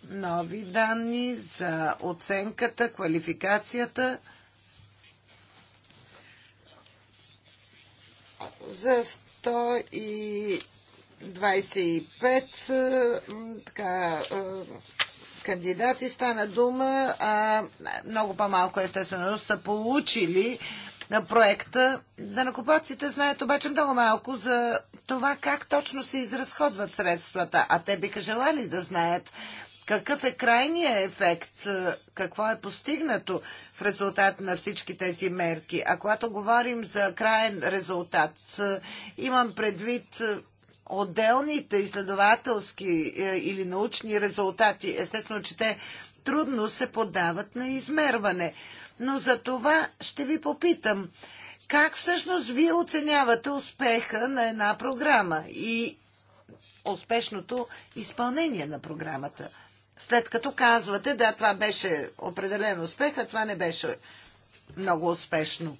нови данни за оценката, квалификацията. за 100 и 25 така, кандидати стана дума, а много по-малко естествено са получили на проекта. Данакопаците знаят обаче много малко за това как точно се изразходват средствата, а те биха желали да знаят какъв е крайният ефект, какво е постигнато в резултат на всички тези мерки. А когато говорим за крайен резултат, имам предвид отделните изследователски е, или научни резултати, естествено, че те трудно се подават на измерване. Но за това ще ви попитам, как всъщност вие оценявате успеха на една програма и успешното изпълнение на програмата? След като казвате, да, това беше определен успех, а това не беше много успешно.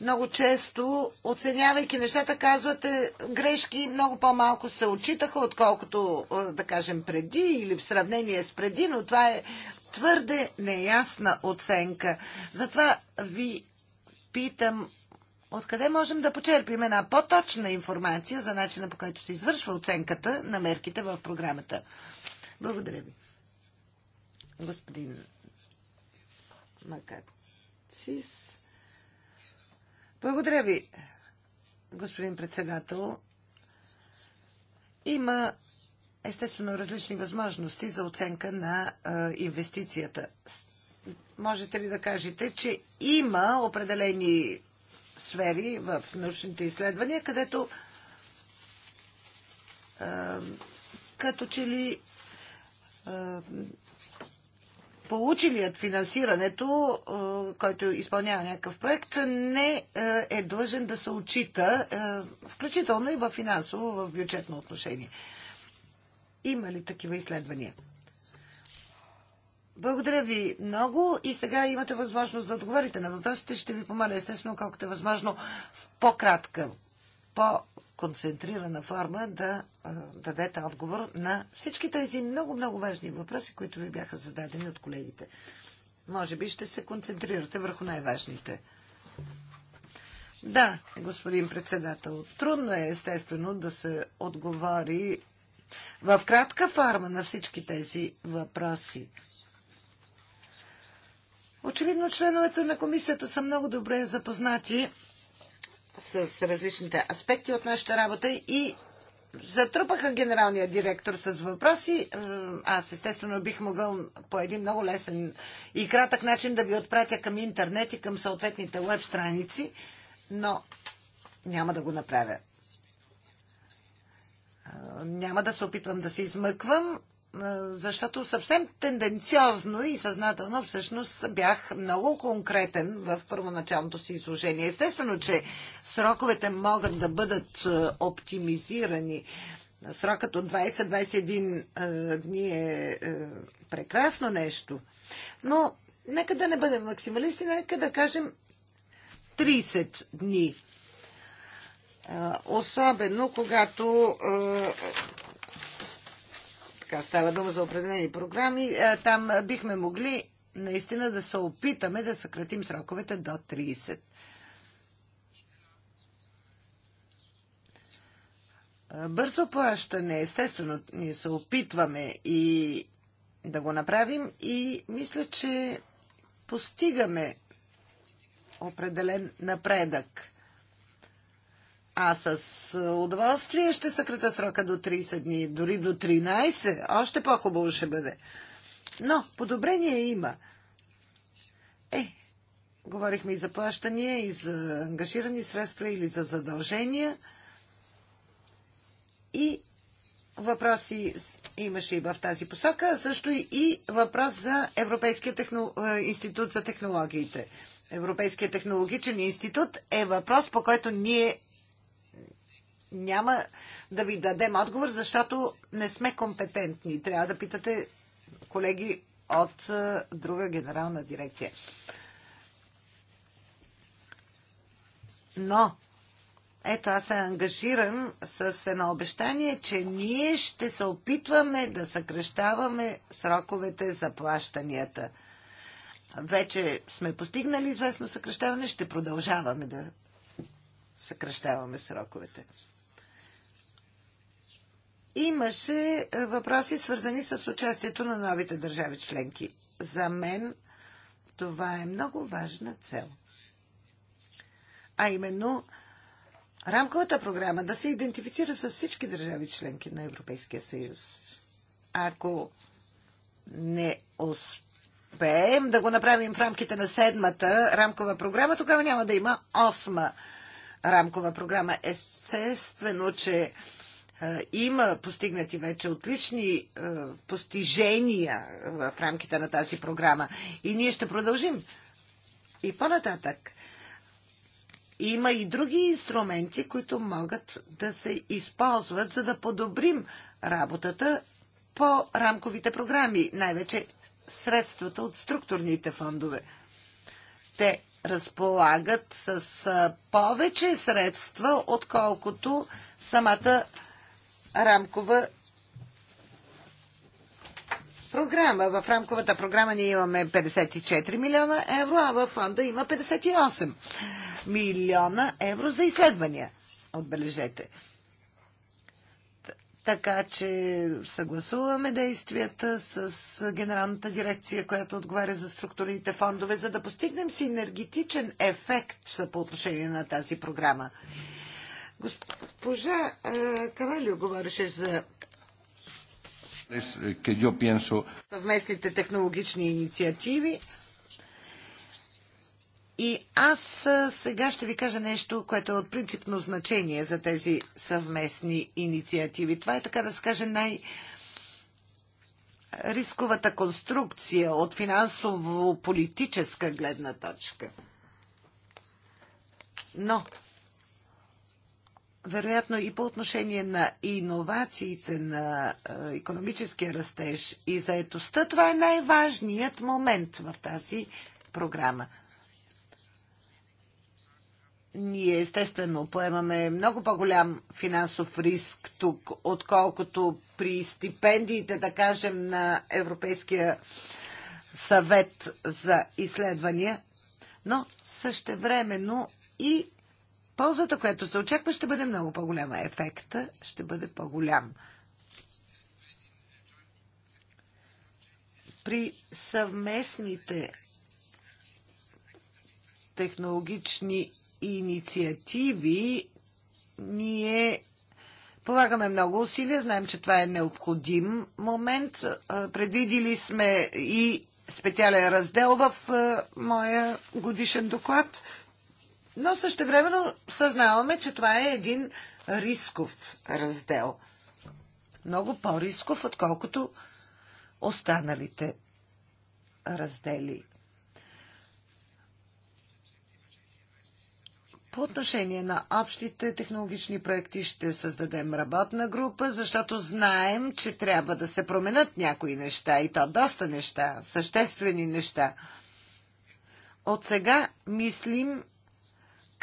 Много често, оценявайки нещата, казвате, грешки много по-малко се отчитаха, отколкото, е, да кажем, преди или в сравнение с преди, но това е твърде неясна оценка. Затова ви питам, откъде можем да почерпим една по-точна информация за начина по който се извършва оценката на мерките в програмата? Благодаря ви. Господин Макацис. Благодаря ви, господин председател. Има естествено различни възможности за оценка на а, инвестицията. Можете ли да кажете, че има определени сфери в научните изследвания, където а, като че ли а, получилият финансирането, е, който изпълнява някакъв проект, не е, е длъжен да се отчита, е, включително и в финансово, в бюджетно отношение. Има ли такива изследвания? Благодаря ви много и сега имате възможност да отговорите на въпросите. Ще ви помоля, естествено, колкото е възможно, в по-кратка, по концентрирана форма да дадете отговор на всички тези много-много важни въпроси, които ви бяха зададени от колегите. Може би ще се концентрирате върху най-важните. Да, господин председател, трудно е естествено да се отговори в кратка форма на всички тези въпроси. Очевидно членовете на комисията са много добре запознати с различните аспекти от нашата работа и затрупаха генералния директор с въпроси. Аз естествено бих могъл по един много лесен и кратък начин да ви отпратя към интернет и към съответните веб страници, но няма да го направя. Няма да се опитвам да се измъквам защото съвсем тенденциозно и съзнателно всъщност бях много конкретен в първоначалното си изложение. Естествено, че сроковете могат да бъдат оптимизирани. Срокът от 20-21 дни е прекрасно нещо. Но нека да не бъдем максималисти, нека да кажем 30 дни. Особено когато така става дума за определени програми, е, там е, бихме могли наистина да се опитаме да съкратим сроковете до 30. Е, бързо плащане, естествено, ние се опитваме и да го направим и мисля, че постигаме определен напредък. А с е, удоволствие ще съкрата срока до 30 дни, дори до 13. Още по-хубаво ще бъде. Но подобрение има. Е, говорихме и за плащания, и за ангажирани средства, или за задължения. И въпроси имаше и в тази посока, също и въпрос за Европейския техно... Е, институт за технологиите. Европейския технологичен институт е въпрос, по който ние няма да ви дадем отговор, защото не сме компетентни. Трябва да питате колеги от е, друга генерална дирекция. Но, ето аз се ангажирам с едно обещание, че ние ще се опитваме да съкрещаваме сроковете за плащанията. Вече сме постигнали известно съкрещаване, ще продължаваме да съкрещаваме сроковете. Имаше е, въпроси свързани с участието на новите държави членки. За мен това е много важна цел. А именно рамковата програма да се идентифицира с всички държави членки на Европейския съюз. Ако не успеем да го направим в рамките на седмата рамкова програма, тогава няма да има осма рамкова програма. Естествено, че е, има постигнати вече отлични е, постижения в рамките на тази програма. И ние ще продължим. И по-нататък. Има и други инструменти, които могат да се използват, за да подобрим работата по рамковите програми, най-вече средствата от структурните фондове. Те разполагат с повече средства, отколкото самата рамкова програма. В рамковата програма ние имаме 54 милиона евро, а в фонда има 58 милиона евро за изследвания. Отбележете. Така че съгласуваме действията с Генералната дирекция, която отговаря за структурните фондове, за да постигнем синергетичен ефект по отношение на тази програма. Госпожа Кавалио говореше за е, съвместните технологични инициативи. И аз сега ще ви кажа нещо, което е от принципно значение за тези съвместни инициативи. Това е така да се каже най- рисковата конструкция от финансово-политическа гледна точка. Но вероятно и по отношение на иновациите, на економическия растеж и заетостта, това е най-важният момент в тази програма. Ние естествено поемаме много по-голям финансов риск тук, отколкото при стипендиите, да кажем, на Европейския съвет за изследвания, но същевременно и ползата, която се очаква, ще бъде много по-голяма. Ефекта ще бъде по-голям. При съвместните технологични инициативи ние Полагаме много усилия, знаем, че това е необходим момент. Предвидили сме и специален раздел в моя годишен доклад но също времено съзнаваме, че това е един рисков раздел. Много по-рисков, отколкото останалите раздели. По отношение на общите технологични проекти ще създадем работна група, защото знаем, че трябва да се променят някои неща и то доста неща, съществени неща. От сега мислим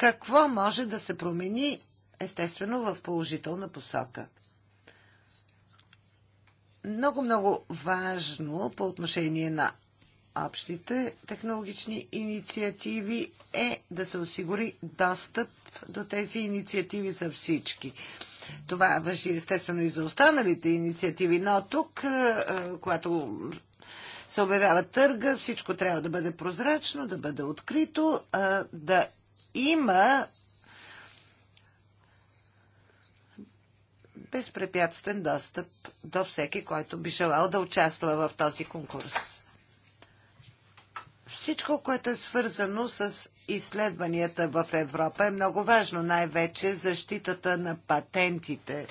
какво може да се промени естествено в положителна посока. Много-много важно по отношение на общите технологични инициативи е да се осигури достъп до тези инициативи за всички. Това въжи естествено и за останалите инициативи, но тук, е, е, когато се обявява търга, всичко трябва да бъде прозрачно, да бъде открито, е, да има безпрепятствен достъп до всеки, който би желал да участва в този конкурс. Всичко, което е свързано с изследванията в Европа е много важно, най-вече защитата на патентите.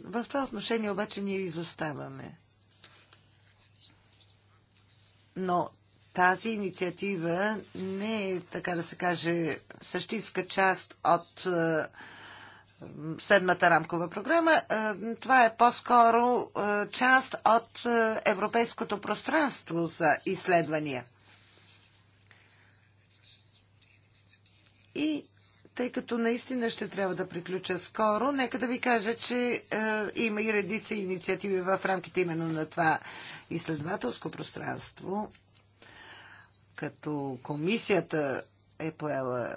В това отношение обаче ние изоставаме но тази инициатива не е, така да се каже, същинска част от е, седмата рамкова програма. Е, това е по-скоро е, част от европейското пространство за изследвания. И тъй като наистина ще трябва да приключа скоро, нека да ви кажа, че е, има и редица инициативи в рамките именно на това изследователско пространство, като комисията е поела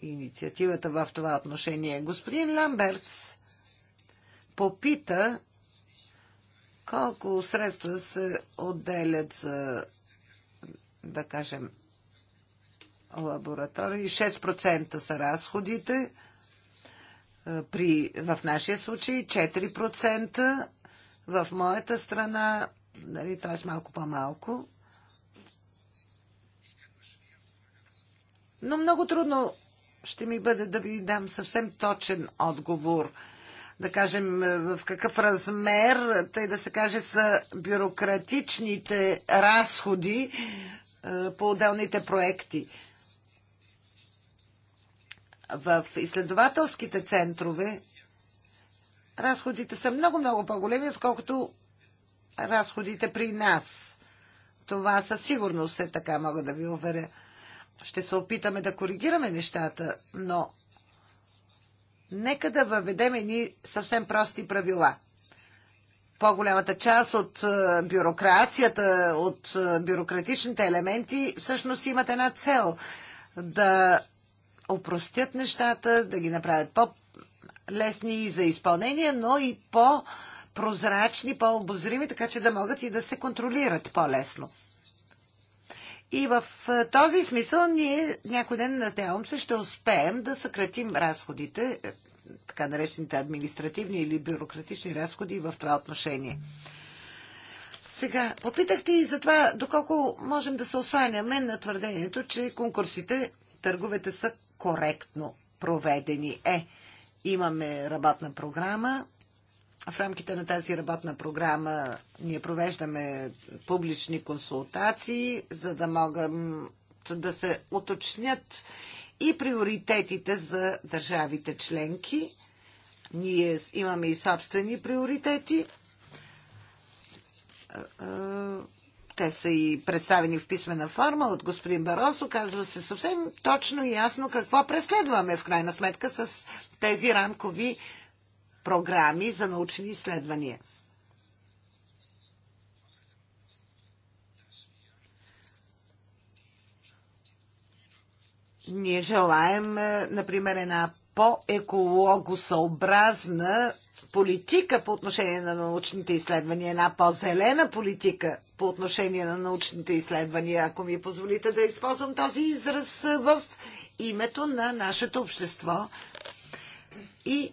инициативата в това отношение. Господин Ламберц попита колко средства се отделят за, да кажем, лаборатории. 6% са разходите. Е, при, в нашия случай 4%. В моята страна, нали, т.е. малко по-малко. Но много трудно ще ми бъде да ви дам съвсем точен отговор. Да кажем е, в какъв размер, тъй да се каже, са бюрократичните разходи е, по отделните проекти в изследователските центрове разходите са много-много по-големи, отколкото разходите при нас. Това със сигурност е така, мога да ви уверя. Ще се опитаме да коригираме нещата, но нека да въведем едни съвсем прости правила. По-голямата част от е, бюрокрацията, от е, бюрократичните елементи, всъщност имат една цел да опростят нещата, да ги направят по-лесни и за изпълнение, но и по-прозрачни, по-обозрими, така че да могат и да се контролират по-лесно. И в е, този смисъл ние някой ден, надявам се, ще успеем да съкратим разходите, е, така наречените административни или бюрократични разходи в това отношение. Сега, попитахте и за това, доколко можем да се осваняме на твърдението, че конкурсите, търговете са коректно проведени. Е, имаме работна програма. В рамките на тази работна програма ние провеждаме публични консултации, за да могат да се уточнят и приоритетите за държавите членки. Ние имаме и собствени приоритети е, е, те са и представени в писмена форма от господин Баросо, казва се съвсем точно и ясно какво преследваме в крайна сметка с тези рамкови програми за научни изследвания. Ние желаем, е, например, една по-екологосъобразна политика по отношение на научните изследвания, една по-зелена политика по отношение на научните изследвания, ако ми позволите да използвам този израз в името на нашето общество. И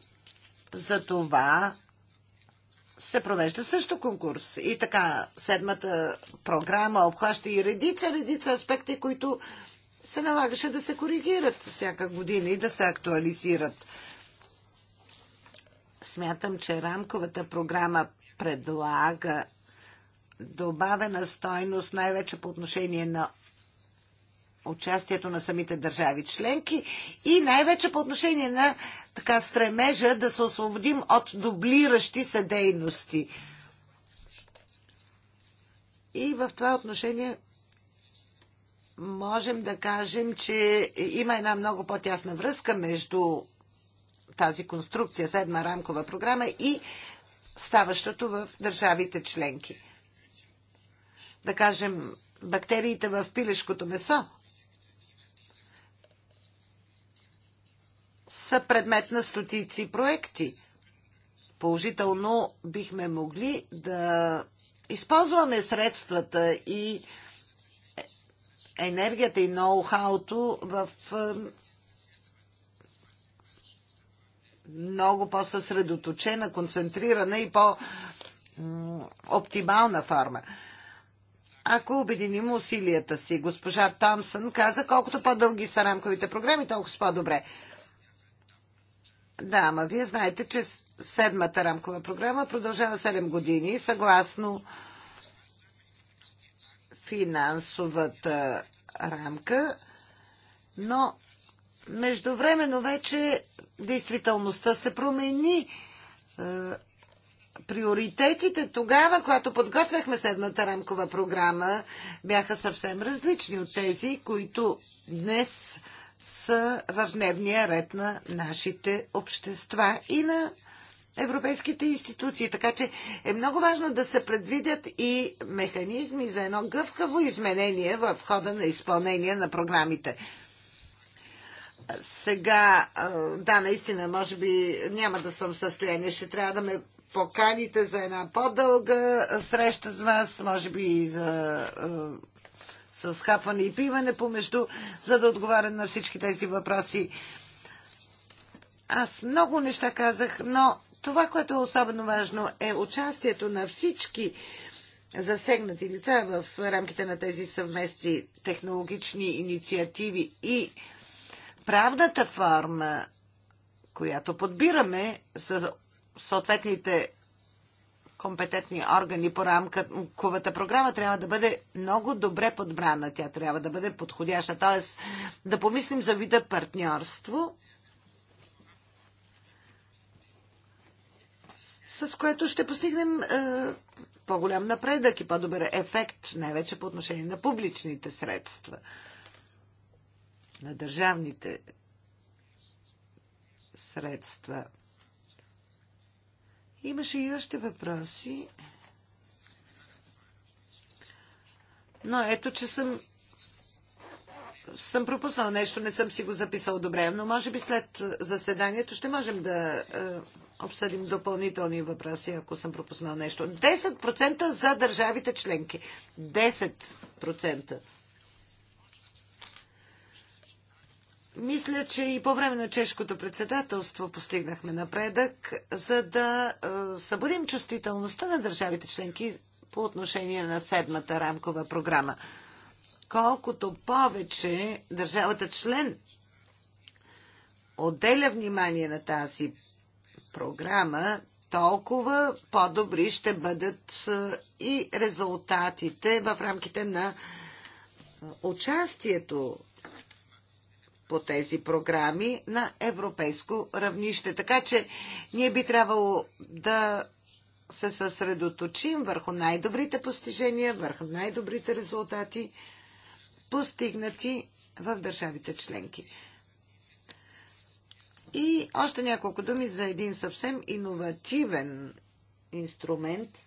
за това се провежда също конкурс. И така, седмата програма обхваща и редица, редица аспекти, които се налагаше да се коригират всяка година и да се актуализират. Смятам, че рамковата програма предлага добавена стойност най-вече по отношение на участието на самите държави членки и най-вече по отношение на така стремежа да се освободим от дублиращи се дейности. И в това отношение можем да кажем, че има една много по-тясна връзка между тази конструкция, седма рамкова програма и ставащото в държавите членки. Да кажем, бактериите в пилешкото месо са предмет на стотици проекти. Положително бихме могли да използваме средствата и енергията и ноу-хауто в е, много по-съсредоточена, концентрирана и по-оптимална форма. Ако обединим усилията си, госпожа Томсън каза, колкото по-дълги са рамковите програми, толкова по-добре. Да, ама вие знаете, че седмата рамкова програма продължава 7 години, съгласно финансовата рамка, но Междувременно вече действителността се промени. Е, приоритетите тогава, когато подготвяхме седната рамкова програма, бяха съвсем различни от тези, които днес са в дневния ред на нашите общества и на европейските институции. Така че е много важно да се предвидят и механизми за едно гъвкаво изменение в хода на изпълнение на програмите. Сега, да, наистина, може би няма да съм в състояние. Ще трябва да ме поканите за една по-дълга среща с вас, може би и за, с хапване и пиване помежду, за да отговаря на всички тези въпроси. Аз много неща казах, но това, което е особено важно, е участието на всички засегнати лица в рамките на тези съвместни технологични инициативи и правната форма, която подбираме с съответните компетентни органи по рамковата програма трябва да бъде много добре подбрана. Тя трябва да бъде подходяща. Т.е. да помислим за вида партньорство, с което ще постигнем е, по-голям напредък и по-добър ефект, най-вече по отношение на публичните средства на държавните средства. Имаше и още въпроси. Но ето, че съм съм пропуснал нещо, не съм си го записал добре, но може би след заседанието ще можем да е, обсъдим допълнителни въпроси, ако съм пропуснал нещо. 10% за държавите членки. 10%. Мисля, че и по време на чешкото председателство постигнахме напредък, за да е, събудим чувствителността на държавите членки по отношение на седмата рамкова програма. Колкото повече държавата член отделя внимание на тази програма, толкова по-добри ще бъдат е, и резултатите в рамките на участието по тези програми на европейско равнище. Така че ние би трябвало да се съсредоточим върху най-добрите постижения, върху най-добрите резултати, постигнати в държавите членки. И още няколко думи за един съвсем иновативен инструмент,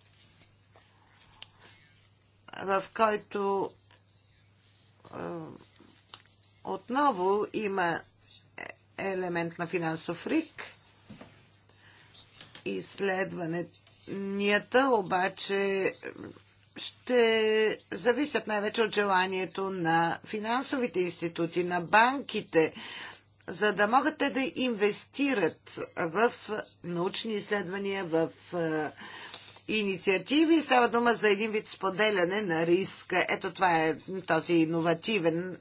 в който отново има елемент на финансов рик. Изследванията обаче ще зависят най-вече от желанието на финансовите институти, на банките, за да могат те да инвестират в научни изследвания, в инициативи. Става дума за един вид споделяне на риска. Ето това е този иновативен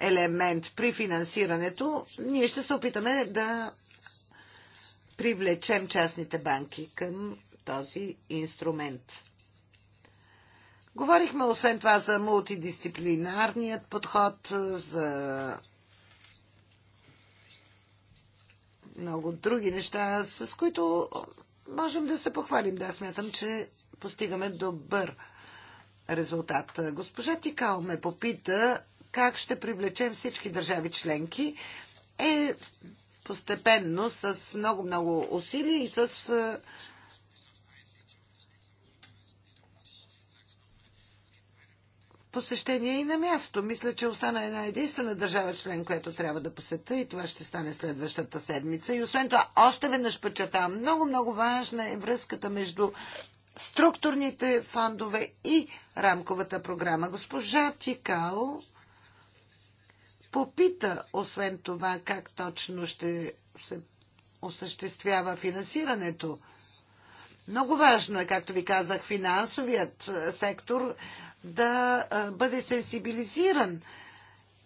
елемент при финансирането, ние ще се опитаме да привлечем частните банки към този инструмент. Говорихме освен това за мултидисциплинарният подход, за много други неща, с които можем да се похвалим. Да, смятам, че постигаме добър резултат. Госпожа Тикао ме попита как ще привлечем всички държави членки, е постепенно, с много-много усилия и с посещение и на място. Мисля, че остана една единствена държава член, която трябва да посета и това ще стане следващата седмица. И освен това, още веднъж подчертавам, много-много важна е връзката между структурните фондове и рамковата програма. Госпожа Тикао попита, освен това, как точно ще се осъществява финансирането. Много важно е, както ви казах, финансовият е, сектор да е, бъде сенсибилизиран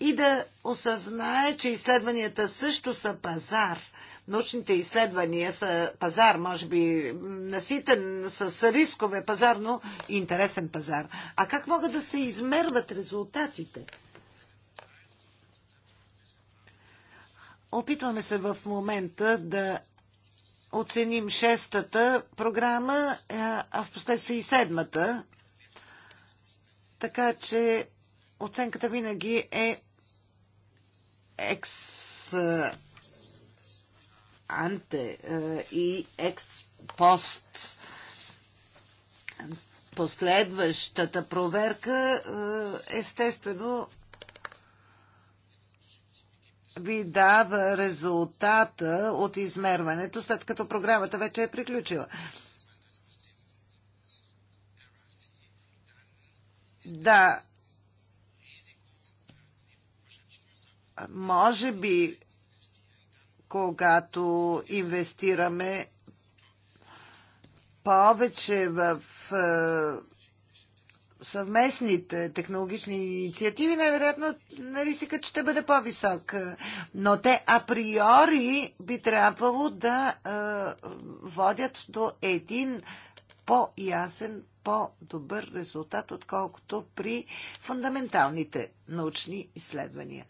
и да осъзнае, че изследванията също са пазар. Научните изследвания са пазар, може би наситен с рискове пазар, но интересен пазар. А как могат да се измерват резултатите? Опитваме се в момента да оценим шестата програма, а в последствие и седмата. Така че оценката винаги е екс анте и екс пост. Последващата проверка естествено ви дава резултата от измерването, след като програмата вече е приключила. Да, може би, когато инвестираме повече в е, съвместните технологични инициативи, най-вероятно рисикът нали, ще бъде по-висок. Но те априори би трябвало да е, водят до един по-ясен, по-добър резултат, отколкото при фундаменталните научни изследвания.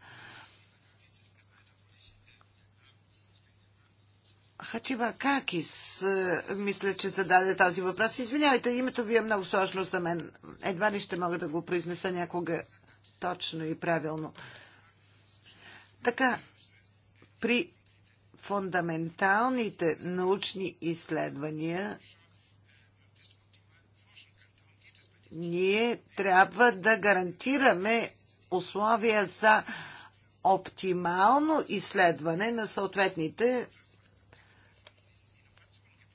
Хачива Какис, е, мисля, че зададе този въпрос. Извинявайте, името ви е много сложно за мен. Едва ли ще мога да го произнеса някога точно и правилно. Така, при фундаменталните научни изследвания ние трябва да гарантираме условия за оптимално изследване на съответните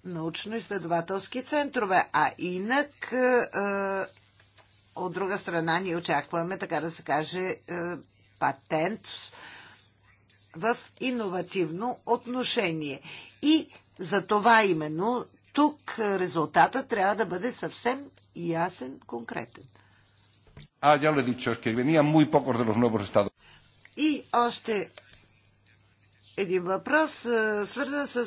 научно-изследователски центрове. А инак, е, е, от друга страна, ние очакваме, така да се каже, е, патент в иновативно отношение. И за това именно тук резултатът трябва да бъде съвсем ясен, конкретен. А, я ле дичо, че вения муй покор за los nuevos estados. И още един въпрос, свързан с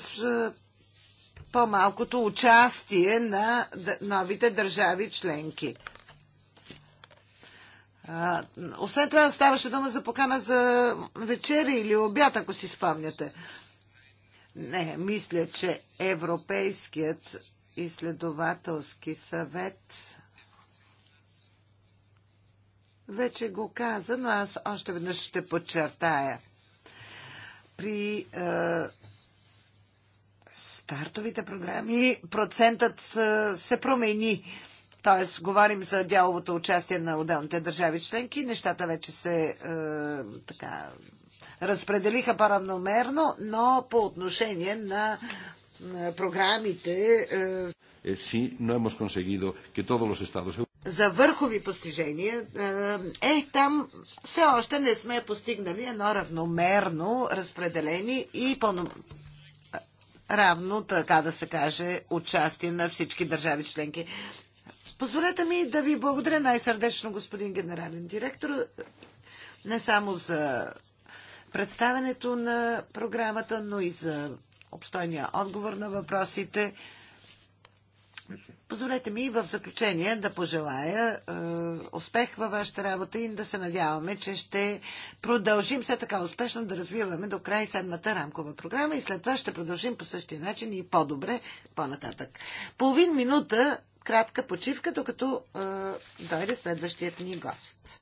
по-малкото участие на новите държави членки. Освен това ставаше дума за покана за вечеря или обяд, ако си спомняте. Не, мисля, че Европейският изследователски съвет вече го каза, но аз още веднъж ще подчертая. При е, стартовите програми процентът се промени. Т.е. говорим за дяловото участие на отделните държави членки. Нещата вече се е, така, разпределиха паравномерно, но по отношение на, на програмите. Е, е си, но hemos conseguido que todos los estados... За върхови постижения, е, е, там все още не сме постигнали едно равномерно разпределение и пълно, равно, така да се каже, участие на всички държави членки. Позволете ми да ви благодаря най-сърдечно, господин генерален директор, не само за представенето на програмата, но и за обстойния отговор на въпросите. Позволете ми в заключение да пожелая е, успех във вашата работа и да се надяваме, че ще продължим все така успешно да развиваме до край седмата рамкова програма и след това ще продължим по същия начин и по-добре по-нататък. Половин минута кратка почивка, докато е, дойде следващият ни гост.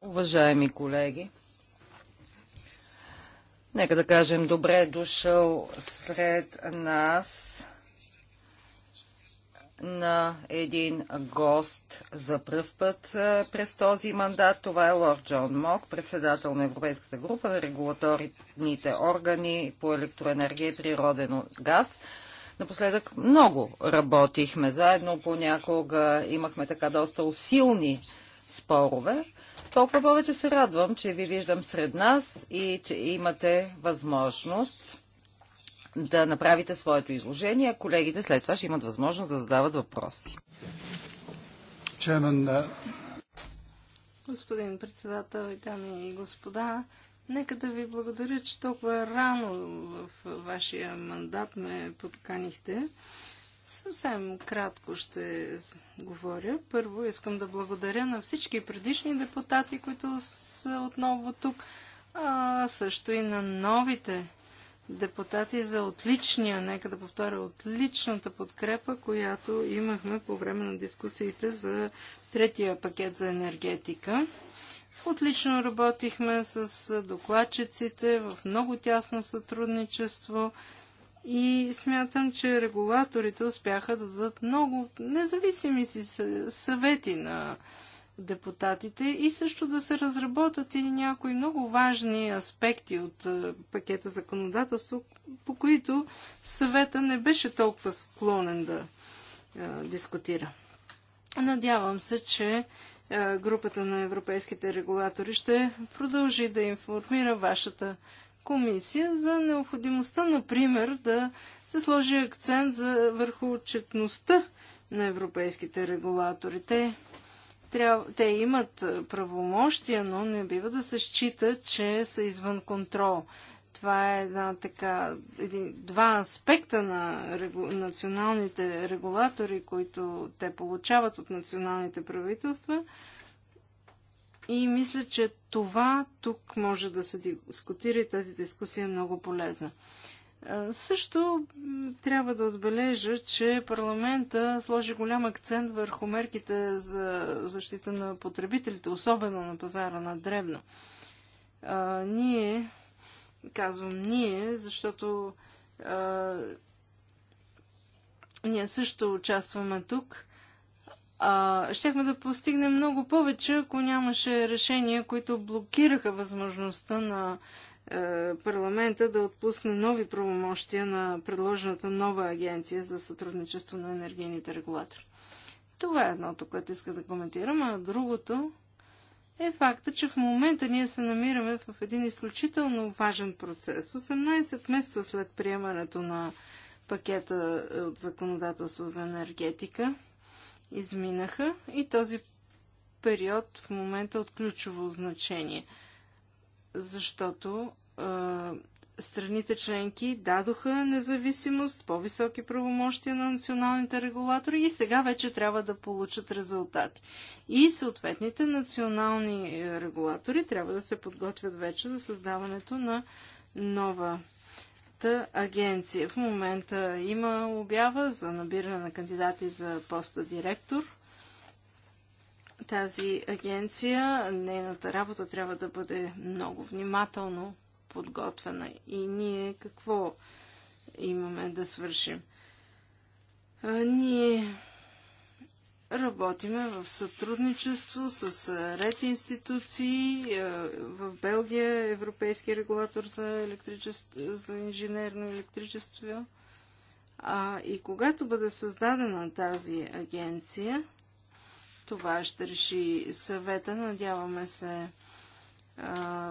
Уважаеми колеги, нека да кажем добре дошъл сред нас на един гост за пръв път през този мандат. Това е лорд Джон Мок, председател на Европейската група на регулаторните органи по електроенергия и природен газ – Напоследък много работихме заедно, понякога имахме така доста усилни спорове. Толкова повече се радвам, че ви виждам сред нас и че имате възможност да направите своето изложение. Колегите след това ще имат възможност да задават въпроси. Uh, Господин председател и дами и господа, Нека да ви благодаря, че толкова рано в вашия мандат ме подканихте. Съвсем кратко ще говоря. Първо искам да благодаря на всички предишни депутати, които са отново тук, а също и на новите депутати за отличния, нека да повторя, отличната подкрепа, която имахме по време на дискусиите за третия пакет за енергетика. Отлично работихме с докладчиците в много тясно сътрудничество и смятам, че регулаторите успяха да дадат много независими си съвети на депутатите и също да се разработят и някои много важни аспекти от е, пакета законодателство, по които съвета не беше толкова склонен да е, дискутира. Надявам се, че е, групата на европейските регулатори ще продължи да информира вашата комисия за необходимостта, например, да се сложи акцент за, върху отчетността на европейските регулатори. Те, трябва, те имат правомощия, но не бива да се счита, че са извън контрол. Това е една така, един, два аспекта на регу, националните регулатори, които те получават от националните правителства. И мисля, че това тук може да се дискутира и тази дискусия е много полезна. Също трябва да отбележа, че парламента сложи голям акцент върху мерките за защита на потребителите, особено на пазара на дребно. ние Казвам ние, защото а, ние също участваме тук. А, щехме да постигнем много повече, ако нямаше решения, които блокираха възможността на а, е, парламента да отпусне нови правомощия на предложената нова агенция за сътрудничество на енергийните регулатори. Това е едното, което иска да коментирам, а другото е факта, че в момента ние се намираме в един изключително важен процес. 18 месеца след приемането на пакета е, от законодателство за енергетика изминаха и този период в момента е от ключово значение, защото е, страните членки дадоха независимост, по-високи правомощия на националните регулатори и сега вече трябва да получат резултати. И съответните национални е, регулатори трябва да се подготвят вече за създаването на нова агенция. В момента има обява за набиране на кандидати за поста директор – тази агенция, нейната работа трябва да бъде много внимателно подготвена и ние какво имаме да свършим. А, ние работиме в сътрудничество с ред институции. В Белгия Европейски регулатор за, за инженерно електричество. А, и когато бъде създадена тази агенция, това ще реши съвета. Надяваме се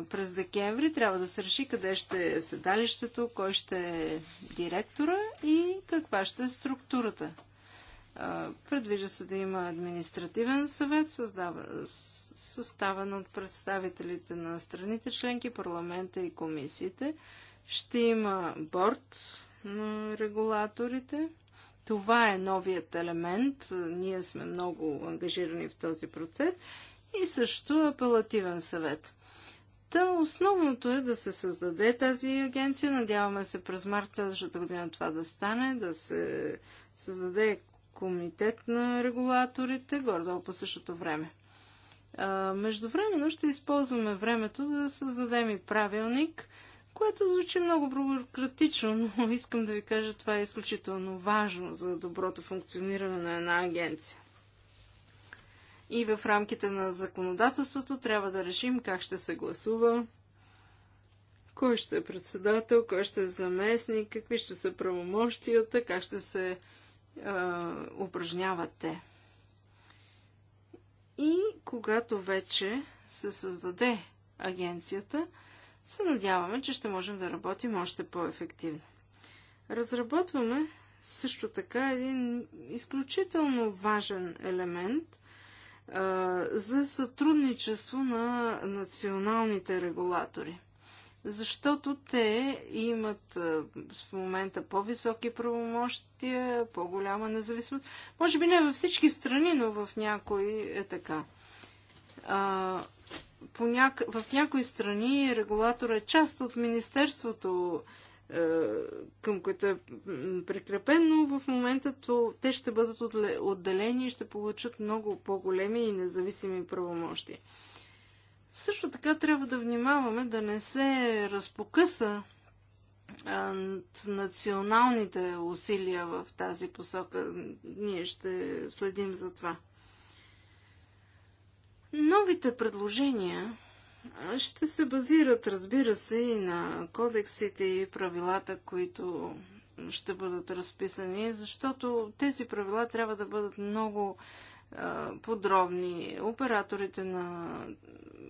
през декември трябва да се реши къде ще е седалището, кой ще е директора и каква ще е структурата. предвижда се да има административен съвет, съставен от представителите на страните членки, парламента и комисиите. Ще има борт на регулаторите. Това е новият елемент. Ние сме много ангажирани в този процес. И също апелативен съвет. Та основното е да се създаде тази агенция. Надяваме се през март следващата година това да стане, да се създаде комитет на регулаторите, гордо по същото време. Междувременно ще използваме времето да създадем и правилник, което звучи много бюрократично, но [laughs] искам да ви кажа, това е изключително важно за доброто функциониране на една агенция и в рамките на законодателството трябва да решим как ще се гласува, кой ще е председател, кой ще е заместник, какви ще са правомощията, как ще се е, упражняват те. И когато вече се създаде агенцията, се надяваме, че ще можем да работим още по-ефективно. Разработваме също така един изключително важен елемент, за сътрудничество на националните регулатори. Защото те имат в момента по-високи правомощия, по-голяма независимост. Може би не във всички страни, но в някои е така. В някои страни регулатор е част от Министерството е, към което е прикрепен, но в момента то, те ще бъдат отделени и ще получат много по-големи и независими правомощия. Също така трябва да внимаваме да не се разпокъса националните усилия в тази посока. Ние ще следим за това. Новите предложения ще се базират, разбира се, и на кодексите и правилата, които ще бъдат разписани, защото тези правила трябва да бъдат много подробни. Операторите на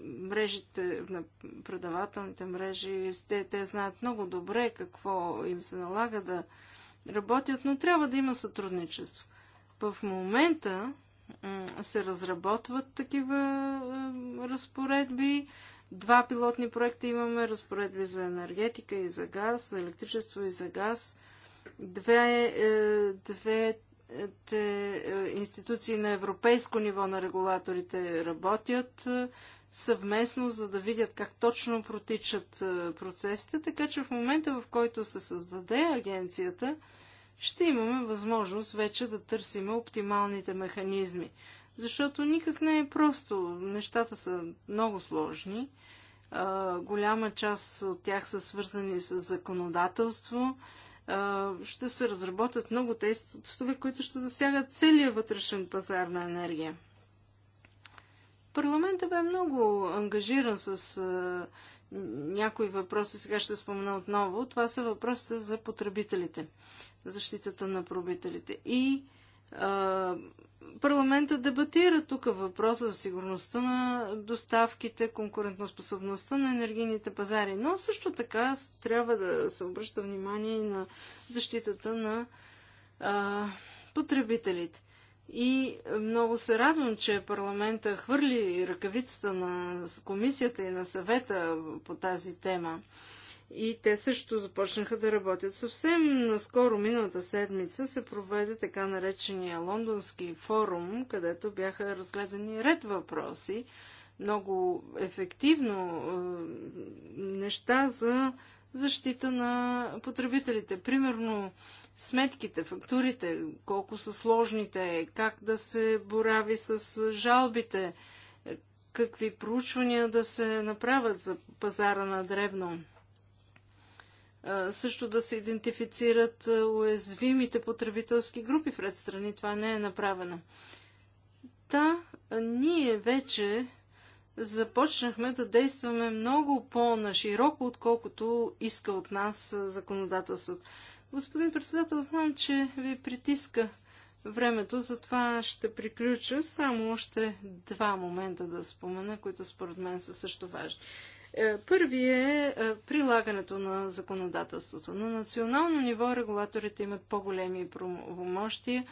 мрежите, на предавателните мрежи, те, те знаят много добре какво им се налага да работят, но трябва да има сътрудничество. В момента се разработват такива разпоредби. Два пилотни проекта имаме, разпоредби за енергетика и за газ, за електричество и за газ. Две, е, двете е, институции на европейско ниво на регулаторите работят е, съвместно, за да видят как точно протичат процесите, така че в момента, в който се създаде агенцията, ще имаме възможност вече да търсим оптималните механизми. Защото никак не е просто. Нещата са много сложни. А, голяма част от тях са свързани с законодателство. А, ще се разработят много тестове, които ще засягат целия вътрешен пазар на енергия. Парламентът бе много ангажиран с някои въпроси сега ще спомена отново. Това са въпросите за потребителите, защитата на пробителите. И а, парламента дебатира тук въпроса за сигурността на доставките, конкурентоспособността на енергийните пазари, но също така трябва да се обръща внимание и на защитата на а, потребителите. И много се радвам, че парламента хвърли ръкавицата на комисията и на съвета по тази тема. И те също започнаха да работят. Съвсем наскоро, миналата седмица, се проведе така наречения Лондонски форум, където бяха разгледани ред въпроси, много ефективно е, неща за защита на потребителите. Примерно сметките, фактурите, колко са сложните, как да се борави с жалбите, какви проучвания да се направят за пазара на дребно. Също да се идентифицират уязвимите потребителски групи в ред страни. Това не е направено. Та, ние вече започнахме да действаме много по-нашироко, отколкото иска от нас законодателството. Господин председател, знам, че ви притиска времето, затова ще приключа. Само още два момента да спомена, които според мен са също важни. Е, Първият е, е прилагането на законодателството. На национално ниво регулаторите имат по-големи правомощия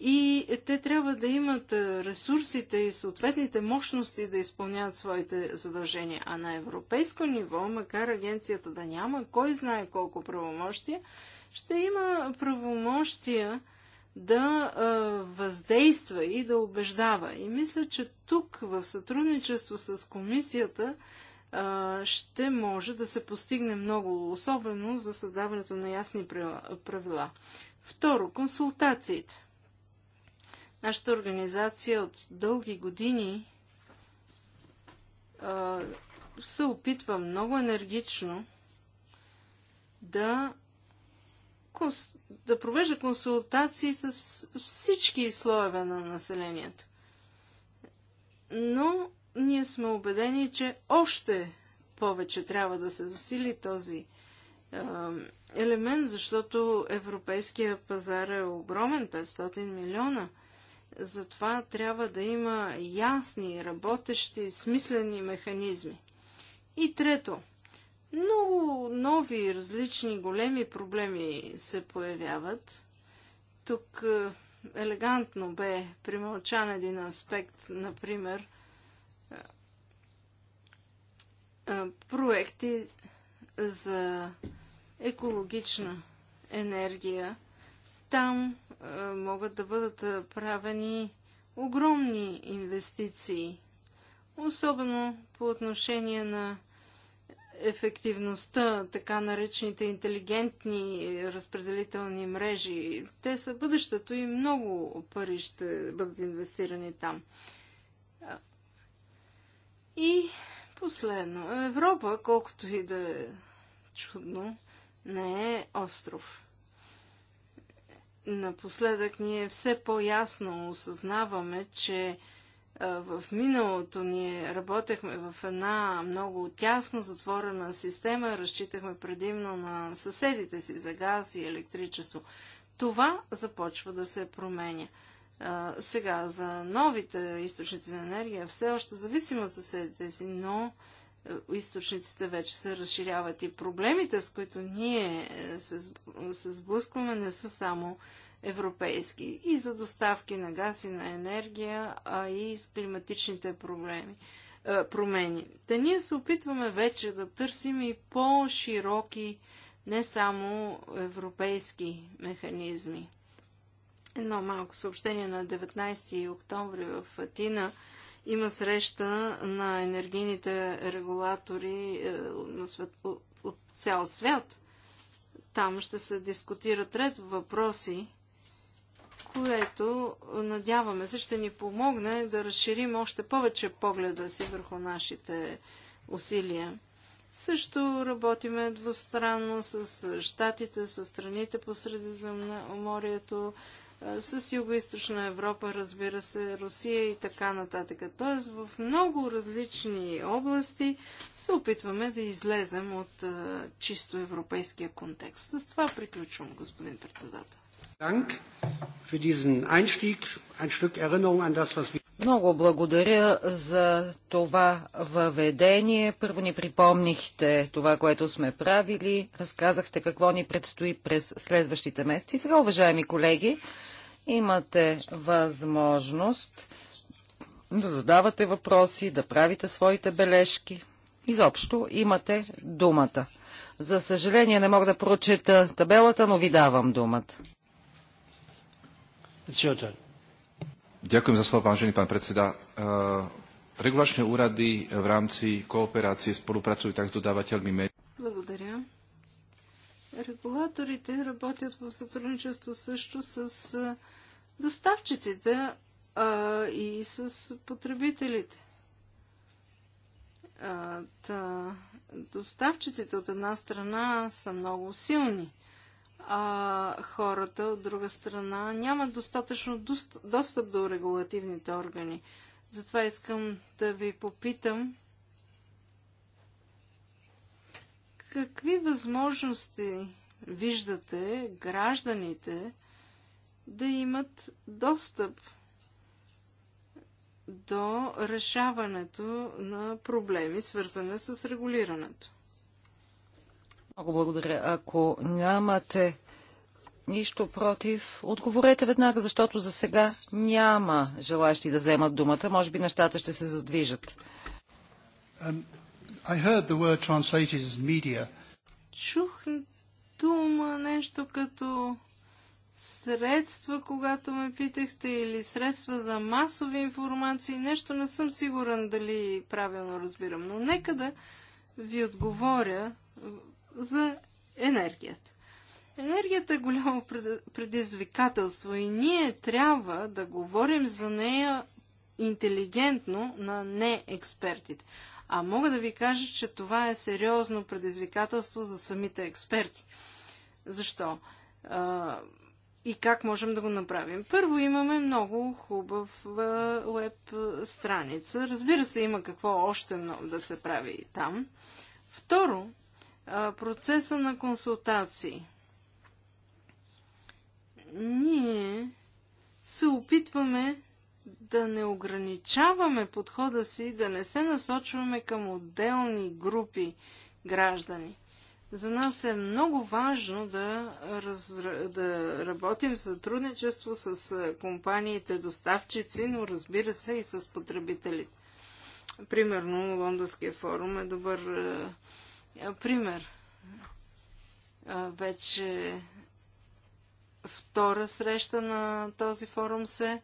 и те трябва да имат е, ресурсите и съответните мощности да изпълняват своите задължения. А на европейско ниво, макар агенцията да няма, кой знае колко правомощия, ще има правомощия да а, въздейства и да убеждава. И мисля, че тук в сътрудничество с комисията а, ще може да се постигне много, особено за създаването на ясни правила. Второ, консултациите. Нашата организация от дълги години а, се опитва много енергично да да провежда консултации с всички слоеве на населението. Но ние сме убедени, че още повече трябва да се засили този е, елемент, защото европейския пазар е огромен 500 милиона. Затова трябва да има ясни, работещи, смислени механизми. И трето – много нови, различни, големи проблеми се появяват. Тук е, елегантно бе примълчан един аспект, например, е, е, проекти за екологична енергия. Там могат да бъдат правени огромни инвестиции, особено по отношение на ефективността, така наречените интелигентни разпределителни мрежи. Те са бъдещето и много пари ще бъдат инвестирани там. И последно, Европа, колкото и да е чудно, не е остров. Напоследък ние все по-ясно осъзнаваме, че в миналото ние работехме в една много тясно затворена система, разчитахме предимно на съседите си за газ и електричество. Това започва да се променя. сега, за новите източници на енергия все още зависим от съседите си, но източниците вече се разширяват и проблемите, с които ние е, се сблъскваме, не са само европейски и за доставки на газ и на енергия, а и с климатичните проблеми, а, промени. Та ние се опитваме вече да търсим и по-широки, не само европейски механизми. Едно малко съобщение на 19 октомври в Атина има среща на енергийните регулатори е, на свет, от, от цял свят. Там ще се дискутират ред въпроси, което надяваме се ще ни помогне да разширим още повече погледа си върху нашите усилия. Също работиме двустранно с щатите, с страните по Средиземноморието, с Юго-Источна Европа, разбира се, Русия и така нататък. Тоест в много различни области се опитваме да излезем от чисто европейския контекст. С това приключвам, господин председател. Много благодаря за това въведение. Първо ни припомнихте това, което сме правили, разказахте какво ни предстои през следващите месеци. Сега, уважаеми колеги, имате възможност да задавате въпроси, да правите своите бележки. Изобщо имате думата. За съжаление не мога да прочета табелата, но ви давам думата. It's your turn. Ďakujem za slovo, vážený pán predseda. E, regulačné úrady v rámci kooperácie spolupracujú tak s dodávateľmi médií. Благодаря. Регулаторите работят в сътрудничество също с е, доставчиците а, и с потребителите. А, та, доставчиците от една страна са много силни – а хората от друга страна нямат достатъчно достъп до регулативните органи. Затова искам да ви попитам какви възможности виждате гражданите да имат достъп до решаването на проблеми, свързани с регулирането. Много благодаря. Ако нямате нищо против, отговорете веднага, защото за сега няма желащи да вземат думата. Може би нещата ще се задвижат. Um, Чух дума нещо като средства, когато ме питахте, или средства за масови информации, нещо не съм сигурен дали правилно разбирам. Но нека да ви отговоря за енергията. Енергията е голямо предизвикателство и ние трябва да говорим за нея интелигентно на не експертите. А мога да ви кажа, че това е сериозно предизвикателство за самите експерти. Защо? А, и как можем да го направим? Първо имаме много хубав веб страница. Разбира се, има какво още много да се прави и там. Второ, Процеса на консултации. Ние се опитваме да не ограничаваме подхода си, да не се насочваме към отделни групи граждани. За нас е много важно да, раз, да работим в сътрудничество с компаниите доставчици, но разбира се и с потребителите. Примерно Лондонския форум е добър е, пример. Вече втора среща на този форум се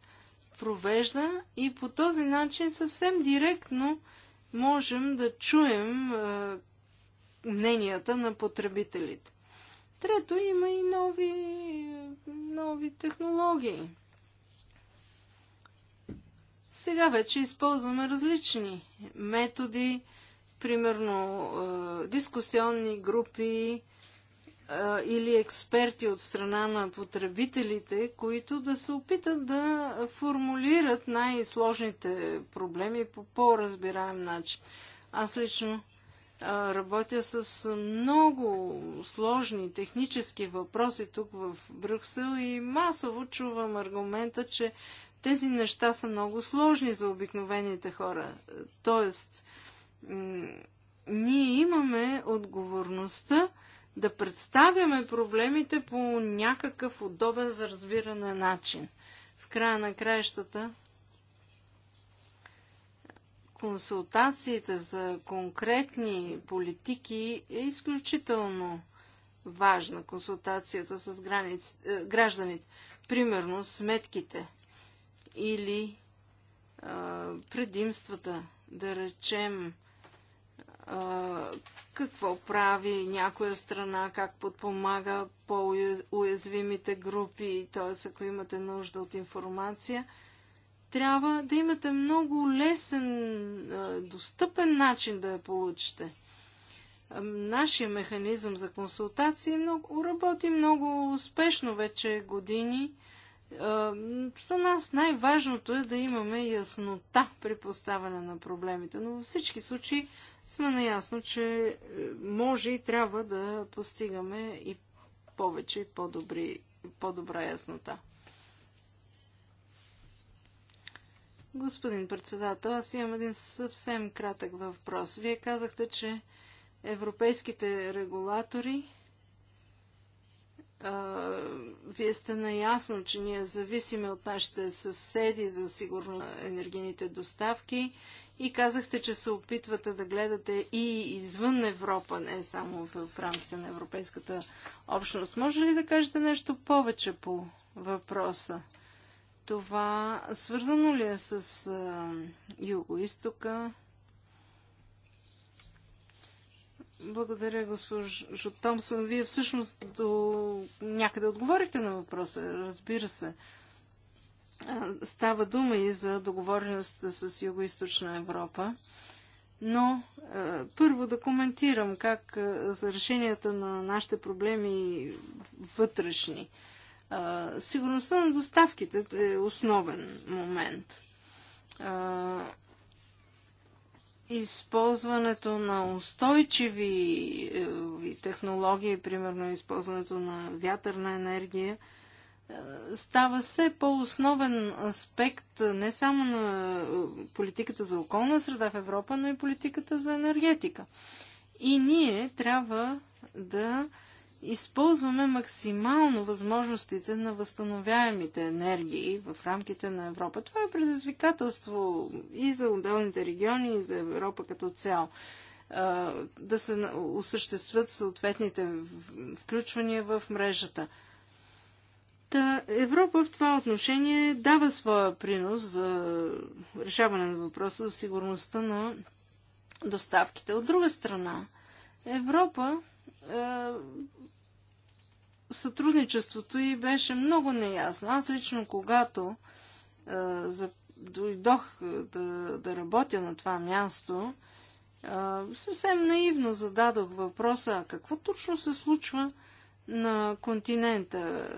провежда и по този начин съвсем директно можем да чуем мненията на потребителите. Трето, има и нови, нови технологии. Сега вече използваме различни методи, примерно дискусионни групи или експерти от страна на потребителите, които да се опитат да формулират най-сложните проблеми по по-разбираем начин. Аз лично работя с много сложни технически въпроси тук в Брюксел и масово чувам аргумента, че тези неща са много сложни за обикновените хора. Тоест, ние имаме отговорността да представяме проблемите по някакъв удобен за разбиране начин. В края на краищата консултациите за конкретни политики е изключително важна. Консултацията с граници, е, гражданите, примерно сметките или е, предимствата, да речем, какво прави някоя страна, как подпомага по-уязвимите групи, т.е. ако имате нужда от информация, трябва да имате много лесен, достъпен начин да я получите. Нашия механизъм за консултации много, работи много успешно вече години. За нас най-важното е да имаме яснота при поставяне на проблемите, но във всички случаи сме наясно, че е, може и трябва да постигаме и повече и по-добри, по-добра яснота. Господин председател, аз имам един съвсем кратък въпрос. Вие казахте, че европейските регулатори вие сте наясно, че ние зависиме от нашите съседи за сигурно енергийните доставки и казахте, че се опитвате да гледате и извън Европа, не само в рамките на Европейската общност. Може ли да кажете нещо повече по въпроса? Това свързано ли е с Юго-Истока? Благодаря, госпожо Томсон. Вие всъщност до някъде отговорихте на въпроса, разбира се. Става дума и за договореността с Юго-Источна Европа, но първо да коментирам как за решенията на нашите проблеми вътрешни. Сигурността на доставките е основен момент използването на устойчиви е, технологии, примерно използването на вятърна енергия, става все по-основен аспект не само на е, политиката за околна среда в Европа, но и политиката за енергетика. И ние трябва да използваме максимално възможностите на възстановяемите енергии в рамките на Европа. Това е предизвикателство и за отделните региони, и за Европа като цяло. Е, да се осъществят съответните включвания в мрежата. Та Европа в това отношение дава своя принос за решаване на въпроса за сигурността на доставките. От друга страна, Европа е, сътрудничеството и беше много неясно. Аз лично, когато е, за, дойдох е, да, да работя на това място, е, съвсем наивно зададох въпроса какво точно се случва на континента,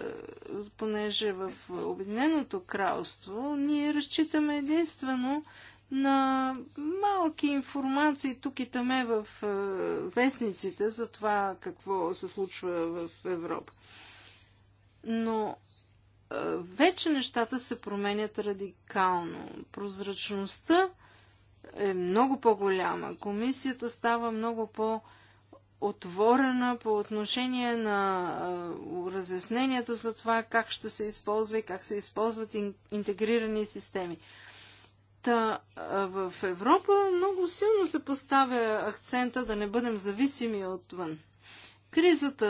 понеже в Обединеното кралство ние разчитаме единствено на малки информации тук и таме в е, вестниците за това какво се случва в Европа. Но е, вече нещата се променят радикално. Прозрачността е много по-голяма. Комисията става много по- отворена по отношение на разясненията за това как ще се използва и как се използват интегрирани системи. Та, в Европа много силно се поставя акцента да не бъдем зависими отвън. Кризата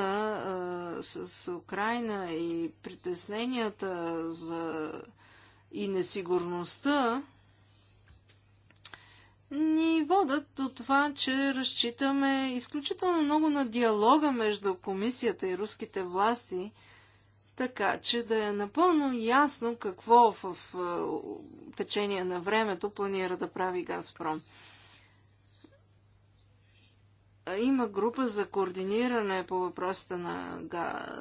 а, с Украина и притесненията за и несигурността ни водат до това, че разчитаме изключително много на диалога между комисията и руските власти, така че да е напълно ясно какво в, в, е, в течение на времето планира да прави Газпром. Има група за координиране по въпросите на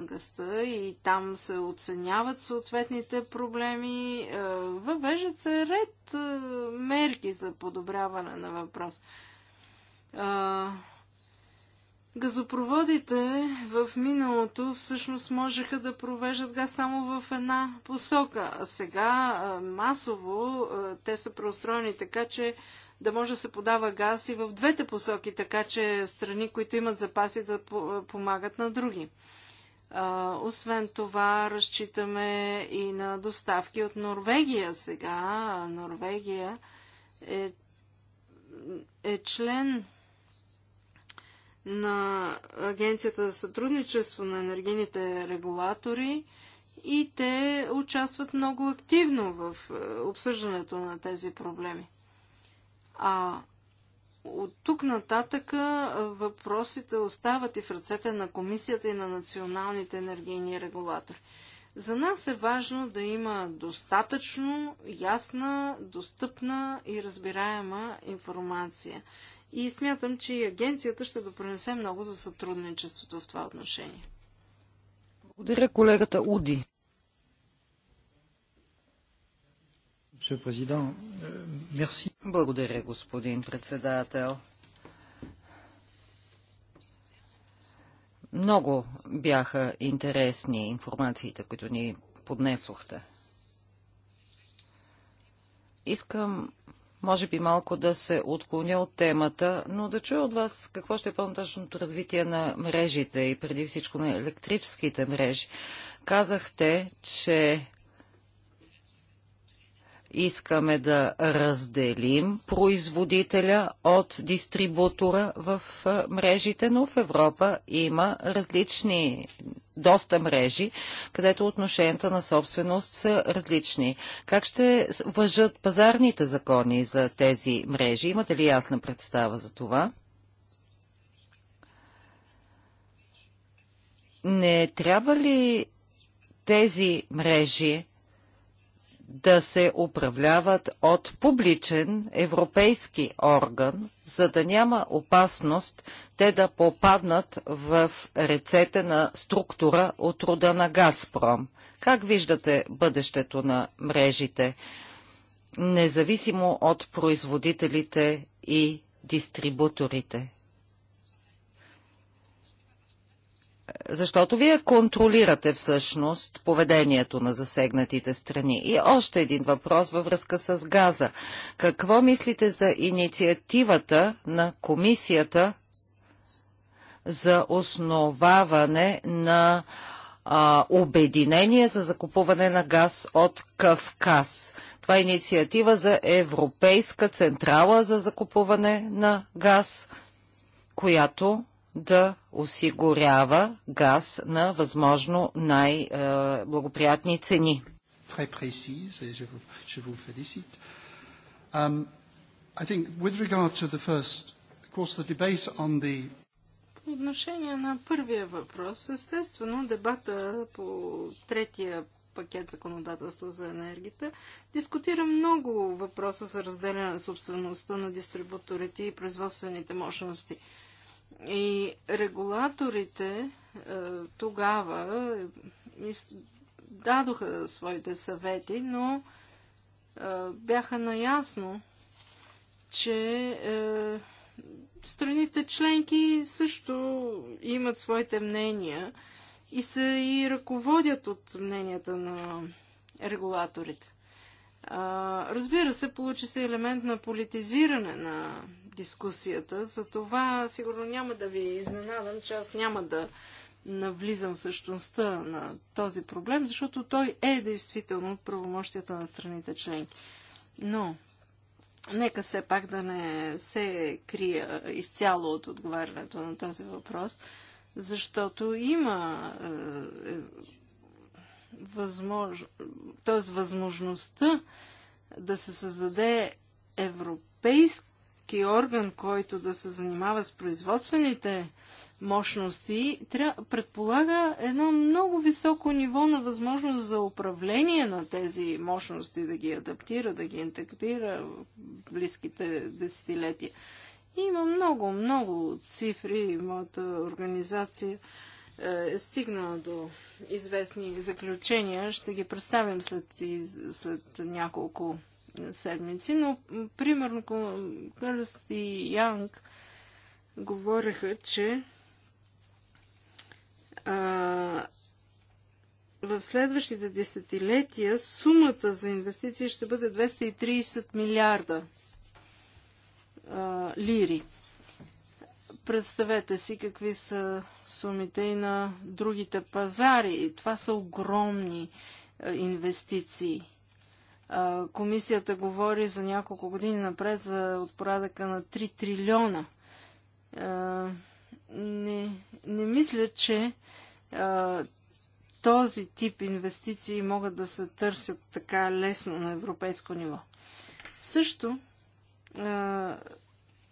гъста и там се оценяват съответните проблеми. Въвеждат се ред мерки за подобряване на въпрос. Газопроводите в миналото всъщност можеха да провеждат газ само в една посока, а сега масово те са преустроени така, че да може да се подава газ и в двете посоки, така че страни, които имат запаси да помагат на други. Освен това, разчитаме и на доставки от Норвегия сега. Норвегия е, е член на Агенцията за сътрудничество на енергийните регулатори и те участват много активно в е, обсъждането на тези проблеми. А от тук нататък въпросите остават и в ръцете на комисията и на националните енергийни регулатори. За нас е важно да има достатъчно ясна, достъпна и разбираема информация. И смятам, че и агенцията ще допринесе много за сътрудничеството в това отношение. Благодаря колегата Уди. Euh, Благодаря, господин председател. Много бяха интересни информациите, които ни поднесохте. Искам, може би, малко да се отклоня от темата, но да чуя от вас какво ще е по-нататъчното развитие на мрежите и преди всичко на електрическите мрежи. Казахте, че Искаме да разделим производителя от дистрибутора в мрежите, но в Европа има различни доста мрежи, където отношенията на собственост са различни. Как ще въжат пазарните закони за тези мрежи? Имате ли ясна представа за това? Не трябва ли тези мрежи да се управляват от публичен европейски орган, за да няма опасност те да попаднат в ръцете на структура от рода на Газпром. Как виждате бъдещето на мрежите, независимо от производителите и дистрибуторите? Защото вие контролирате всъщност поведението на засегнатите страни. И още един въпрос във връзка с газа. Какво мислите за инициативата на комисията за основаване на а, обединение за закупуване на газ от Кавказ? Това е инициатива за Европейска централа за закупуване на газ, която да осигурява газ на възможно най-благоприятни цени. Um, по отношение на първия въпрос, естествено, дебата по третия пакет законодателство за енергията дискутира много въпроса за разделяне на собствеността на дистрибуторите и производствените мощности. И регулаторите е, тогава е, дадоха своите съвети, но е, бяха наясно, че страните членки също имат своите мнения и се и ръководят от мненията на регулаторите разбира се, получи се елемент на политизиране на дискусията, за това сигурно няма да ви изненадам, че аз няма да навлизам в същността на този проблем, защото той е действително от правомощията на страните членки. Но, нека все пак да не се крия изцяло от отговарянето на този въпрос, защото има е, е, възмож... т.е. възможността да се създаде европейски орган, който да се занимава с производствените мощности, предполага едно много високо ниво на възможност за управление на тези мощности, да ги адаптира, да ги интегрира в близките десетилетия. Има много, много цифри. Моята организация е стигнала до известни заключения. Ще ги представим след, след няколко седмици, но примерно Кърст и Янг говореха, че а, в следващите десетилетия сумата за инвестиции ще бъде 230 милиарда а, лири. Представете си какви са сумите и на другите пазари. Това са огромни инвестиции. Комисията говори за няколко години напред за отпорадъка на 3 трилиона. Не, не мисля, че този тип инвестиции могат да се търсят така лесно на европейско ниво. Също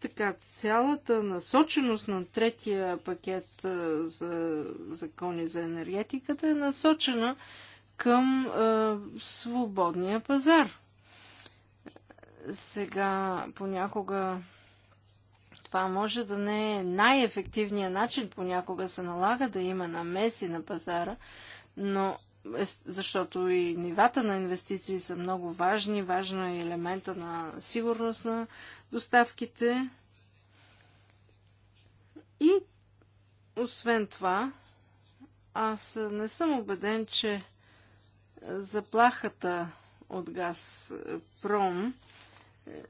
така, цялата насоченост на третия пакет за закони за енергетиката е насочена към а, свободния пазар. Сега понякога това може да не е най-ефективният начин, понякога се налага да има намеси на пазара, но е, защото и нивата на инвестиции са много важни. Важно е елемента на сигурност на доставките. И освен това, аз не съм убеден, че заплахата от газ е, Пром. Е,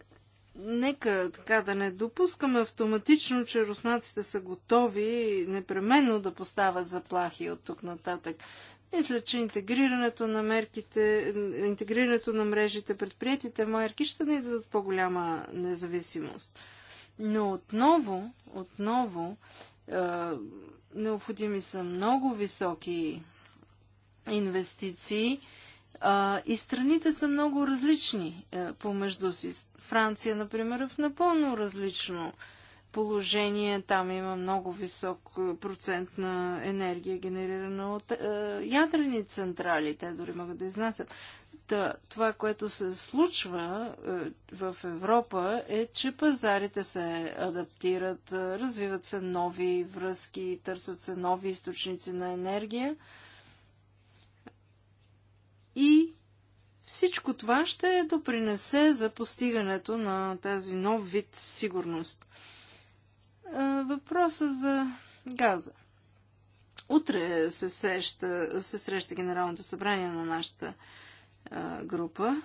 нека така да не допускаме автоматично, че руснаците са готови непременно да поставят заплахи от тук нататък. Мисля, че интегрирането на мерките, интегрирането на мрежите, предприятите мерки ще ни дадат по-голяма независимост. Но отново, отново, е, необходими са много високи инвестиции е, и страните са много различни е, помежду си. Франция, например, е в напълно различно положение. Там има много висок е, процент на енергия, генерирана от е, ядрени централи. Те дори могат да изнасят. Та, това, което се случва е, в Европа е, че пазарите се адаптират, е, развиват се нови връзки, търсят се нови източници на енергия. И всичко това ще допринесе за постигането на тази нов вид сигурност. Въпроса за газа. Утре се, среща, се среща Генералното събрание на нашата а, група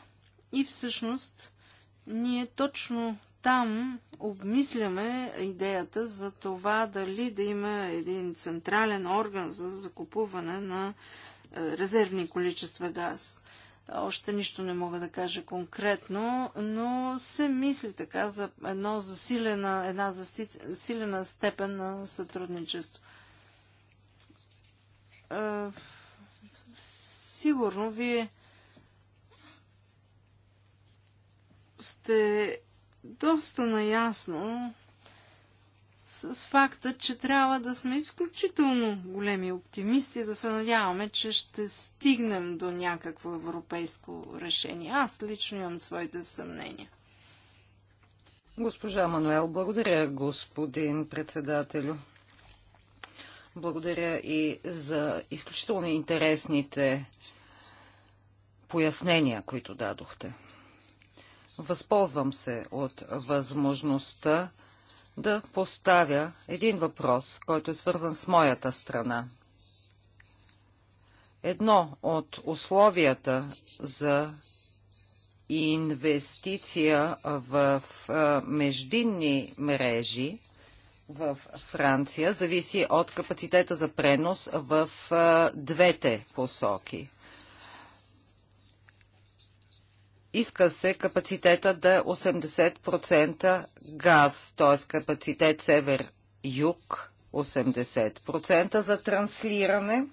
и всъщност ние точно там обмисляме идеята за това дали да има един централен орган за закупуване на резервни количества газ. Още нищо не мога да кажа конкретно, но се мисли така за едно засилена, една засилена степен на сътрудничество. Е, сигурно вие сте доста наясно с, с факта, че трябва да сме изключително големи оптимисти, да се надяваме, че ще стигнем до някакво европейско решение. Аз лично имам своите съмнения. Госпожа Мануел, благодаря, господин председателю. Благодаря и за изключително интересните пояснения, които дадохте. Възползвам се от възможността да поставя един въпрос, който е свързан с моята страна. Едно от условията за инвестиция в междинни мрежи в Франция зависи от капацитета за пренос в двете посоки. Иска се капацитета да е 80% газ, т.е. капацитет север-юг 80% за транслиране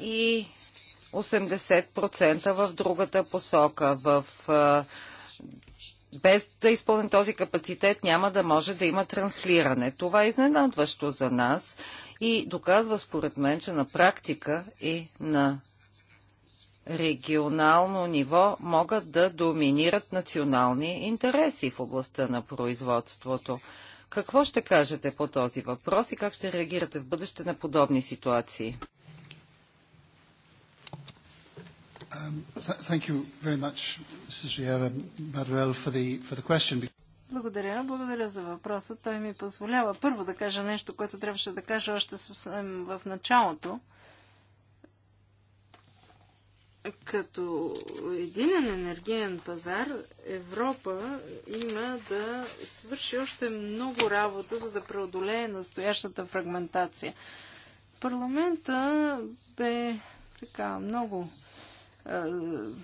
и 80% в другата посока. В, без да изпълни този капацитет няма да може да има транслиране. Това е изненадващо за нас и доказва според мен, че на практика и на регионално ниво могат да доминират национални интереси в областта на производството. Какво ще кажете по този въпрос и как ще реагирате в бъдеще на подобни ситуации? Um, Благодаря. Благодаря за въпроса. Той ми позволява първо да кажа нещо, което трябваше да кажа още в началото като единен енергиен пазар, Европа има да свърши още много работа, за да преодолее настоящата фрагментация. Парламента бе така много е,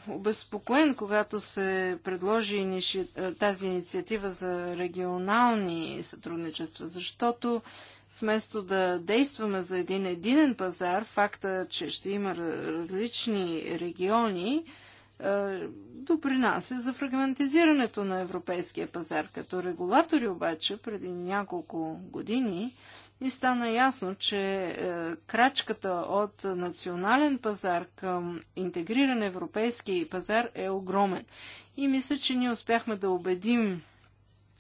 обезпокоен, когато се предложи е, тази инициатива за регионални сътрудничества, защото е, вместо да действаме за един единен пазар, факта, че ще има различни региони, е, допринася за фрагментизирането на европейския пазар. Като регулатори обаче преди няколко години ни стана ясно, че е, крачката от национален пазар към интегриран европейски пазар е огромен. И мисля, че ние успяхме да убедим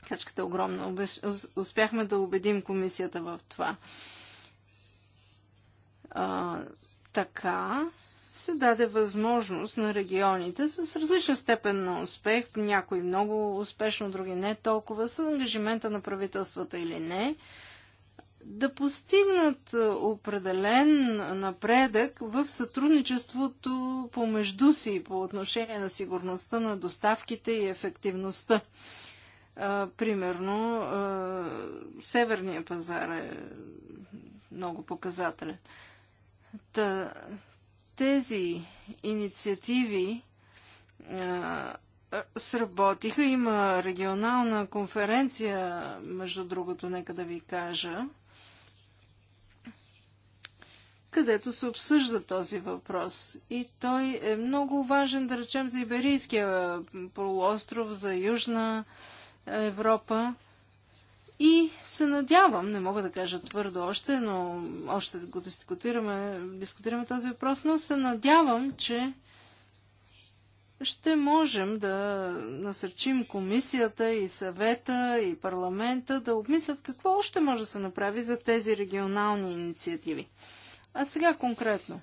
Качката е огромна. Успяхме да убедим комисията в това. А, така се даде възможност на регионите с различна степен на успех, някои много успешно, други не толкова, с ангажимента на правителствата или не, да постигнат определен напредък в сътрудничеството помежду си по отношение на сигурността на доставките и ефективността а, примерно, а, северния пазар е много показателен. Та, тези инициативи а, сработиха. Има регионална конференция, между другото, нека да ви кажа, където се обсъжда този въпрос. И той е много важен, да речем, за Иберийския полуостров, за Южна. А, Европа. И се надявам, не мога да кажа твърдо още, но още го дискутираме, дискутираме този въпрос, но се надявам, че ще можем да насърчим комисията и съвета и парламента да обмислят какво още може да се направи за тези регионални инициативи. А сега конкретно.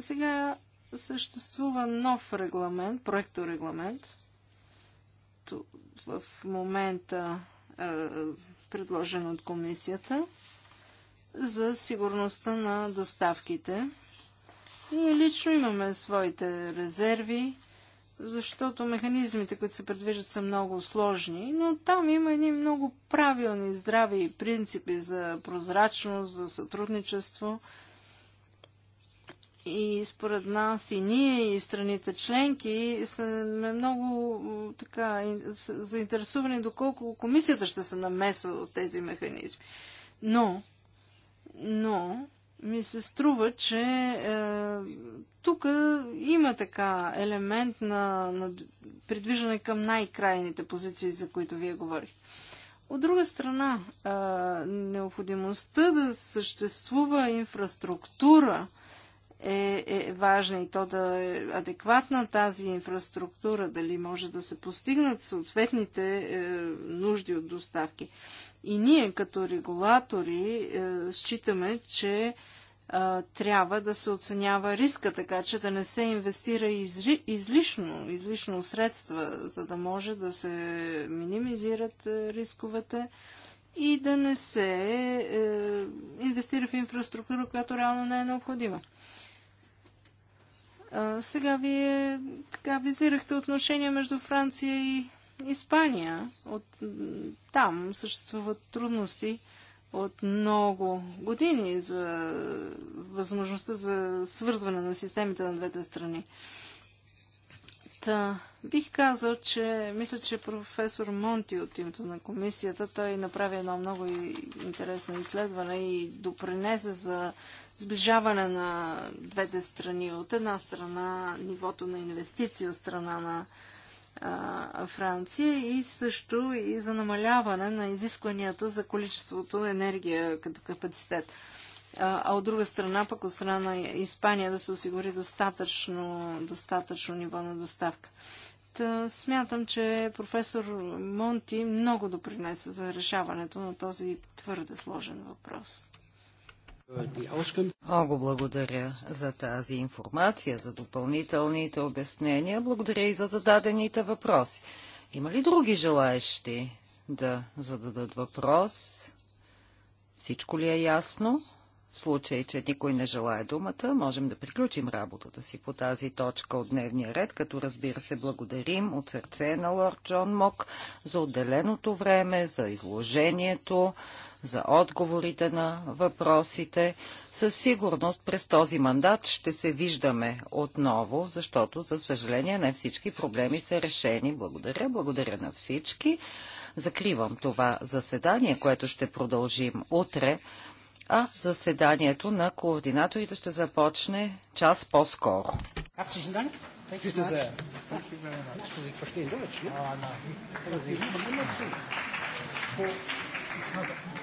Сега съществува нов регламент, проекторегламент. В момента е, предложен от комисията за сигурността на доставките. Ние лично имаме своите резерви, защото механизмите, които се предвиждат, са много сложни, но там има едни много правилни, здрави принципи за прозрачност, за сътрудничество – и според нас и ние, и страните членки сме много така заинтересувани доколко комисията ще се намесва в тези механизми. Но, но ми се струва, че е, тук има така елемент на, на придвижване към най-крайните позиции, за които вие говорихте. От друга страна, е, необходимостта да съществува инфраструктура, е, е важна и то да е адекватна тази инфраструктура, дали може да се постигнат съответните е, нужди от доставки. И ние като регулатори е, считаме, че е, трябва да се оценява риска, така че да не се инвестира изри, излишно, излишно средства, за да може да се минимизират е, рисковете и да не се е, инвестира в инфраструктура, която реално не е необходима сега вие така визирахте отношения между Франция и Испания. От, там съществуват трудности от много години за възможността за свързване на системите на двете страни. Та, бих казал, че мисля, че професор Монти от името на комисията, той направи едно много интересно изследване и допринесе за сближаване на двете страни. От една страна нивото на инвестиции от страна на а, Франция и също и за намаляване на изискванията за количеството енергия като капацитет. А, а от друга страна, пък от страна на Испания да се осигури достатъчно, достатъчно ниво на доставка смятам, че професор Монти много допринесе за решаването на този твърде сложен въпрос. Много благодаря за тази информация, за допълнителните обяснения. Благодаря и за зададените въпроси. Има ли други желаещи да зададат въпрос? Всичко ли е ясно? В случай, че никой не желая думата, можем да приключим работата си по тази точка от дневния ред, като разбира се благодарим от сърце на лорд Джон Мок за отделеното време, за изложението, за отговорите на въпросите. Със сигурност през този мандат ще се виждаме отново, защото, за съжаление, не всички проблеми са решени. Благодаря, благодаря на всички. Закривам това заседание, което ще продължим утре, а заседанието на координаторите ще започне час по-скоро. Thank you very much. Sie verstehen Deutsch, Ah, nein. Aber Sie immer zu.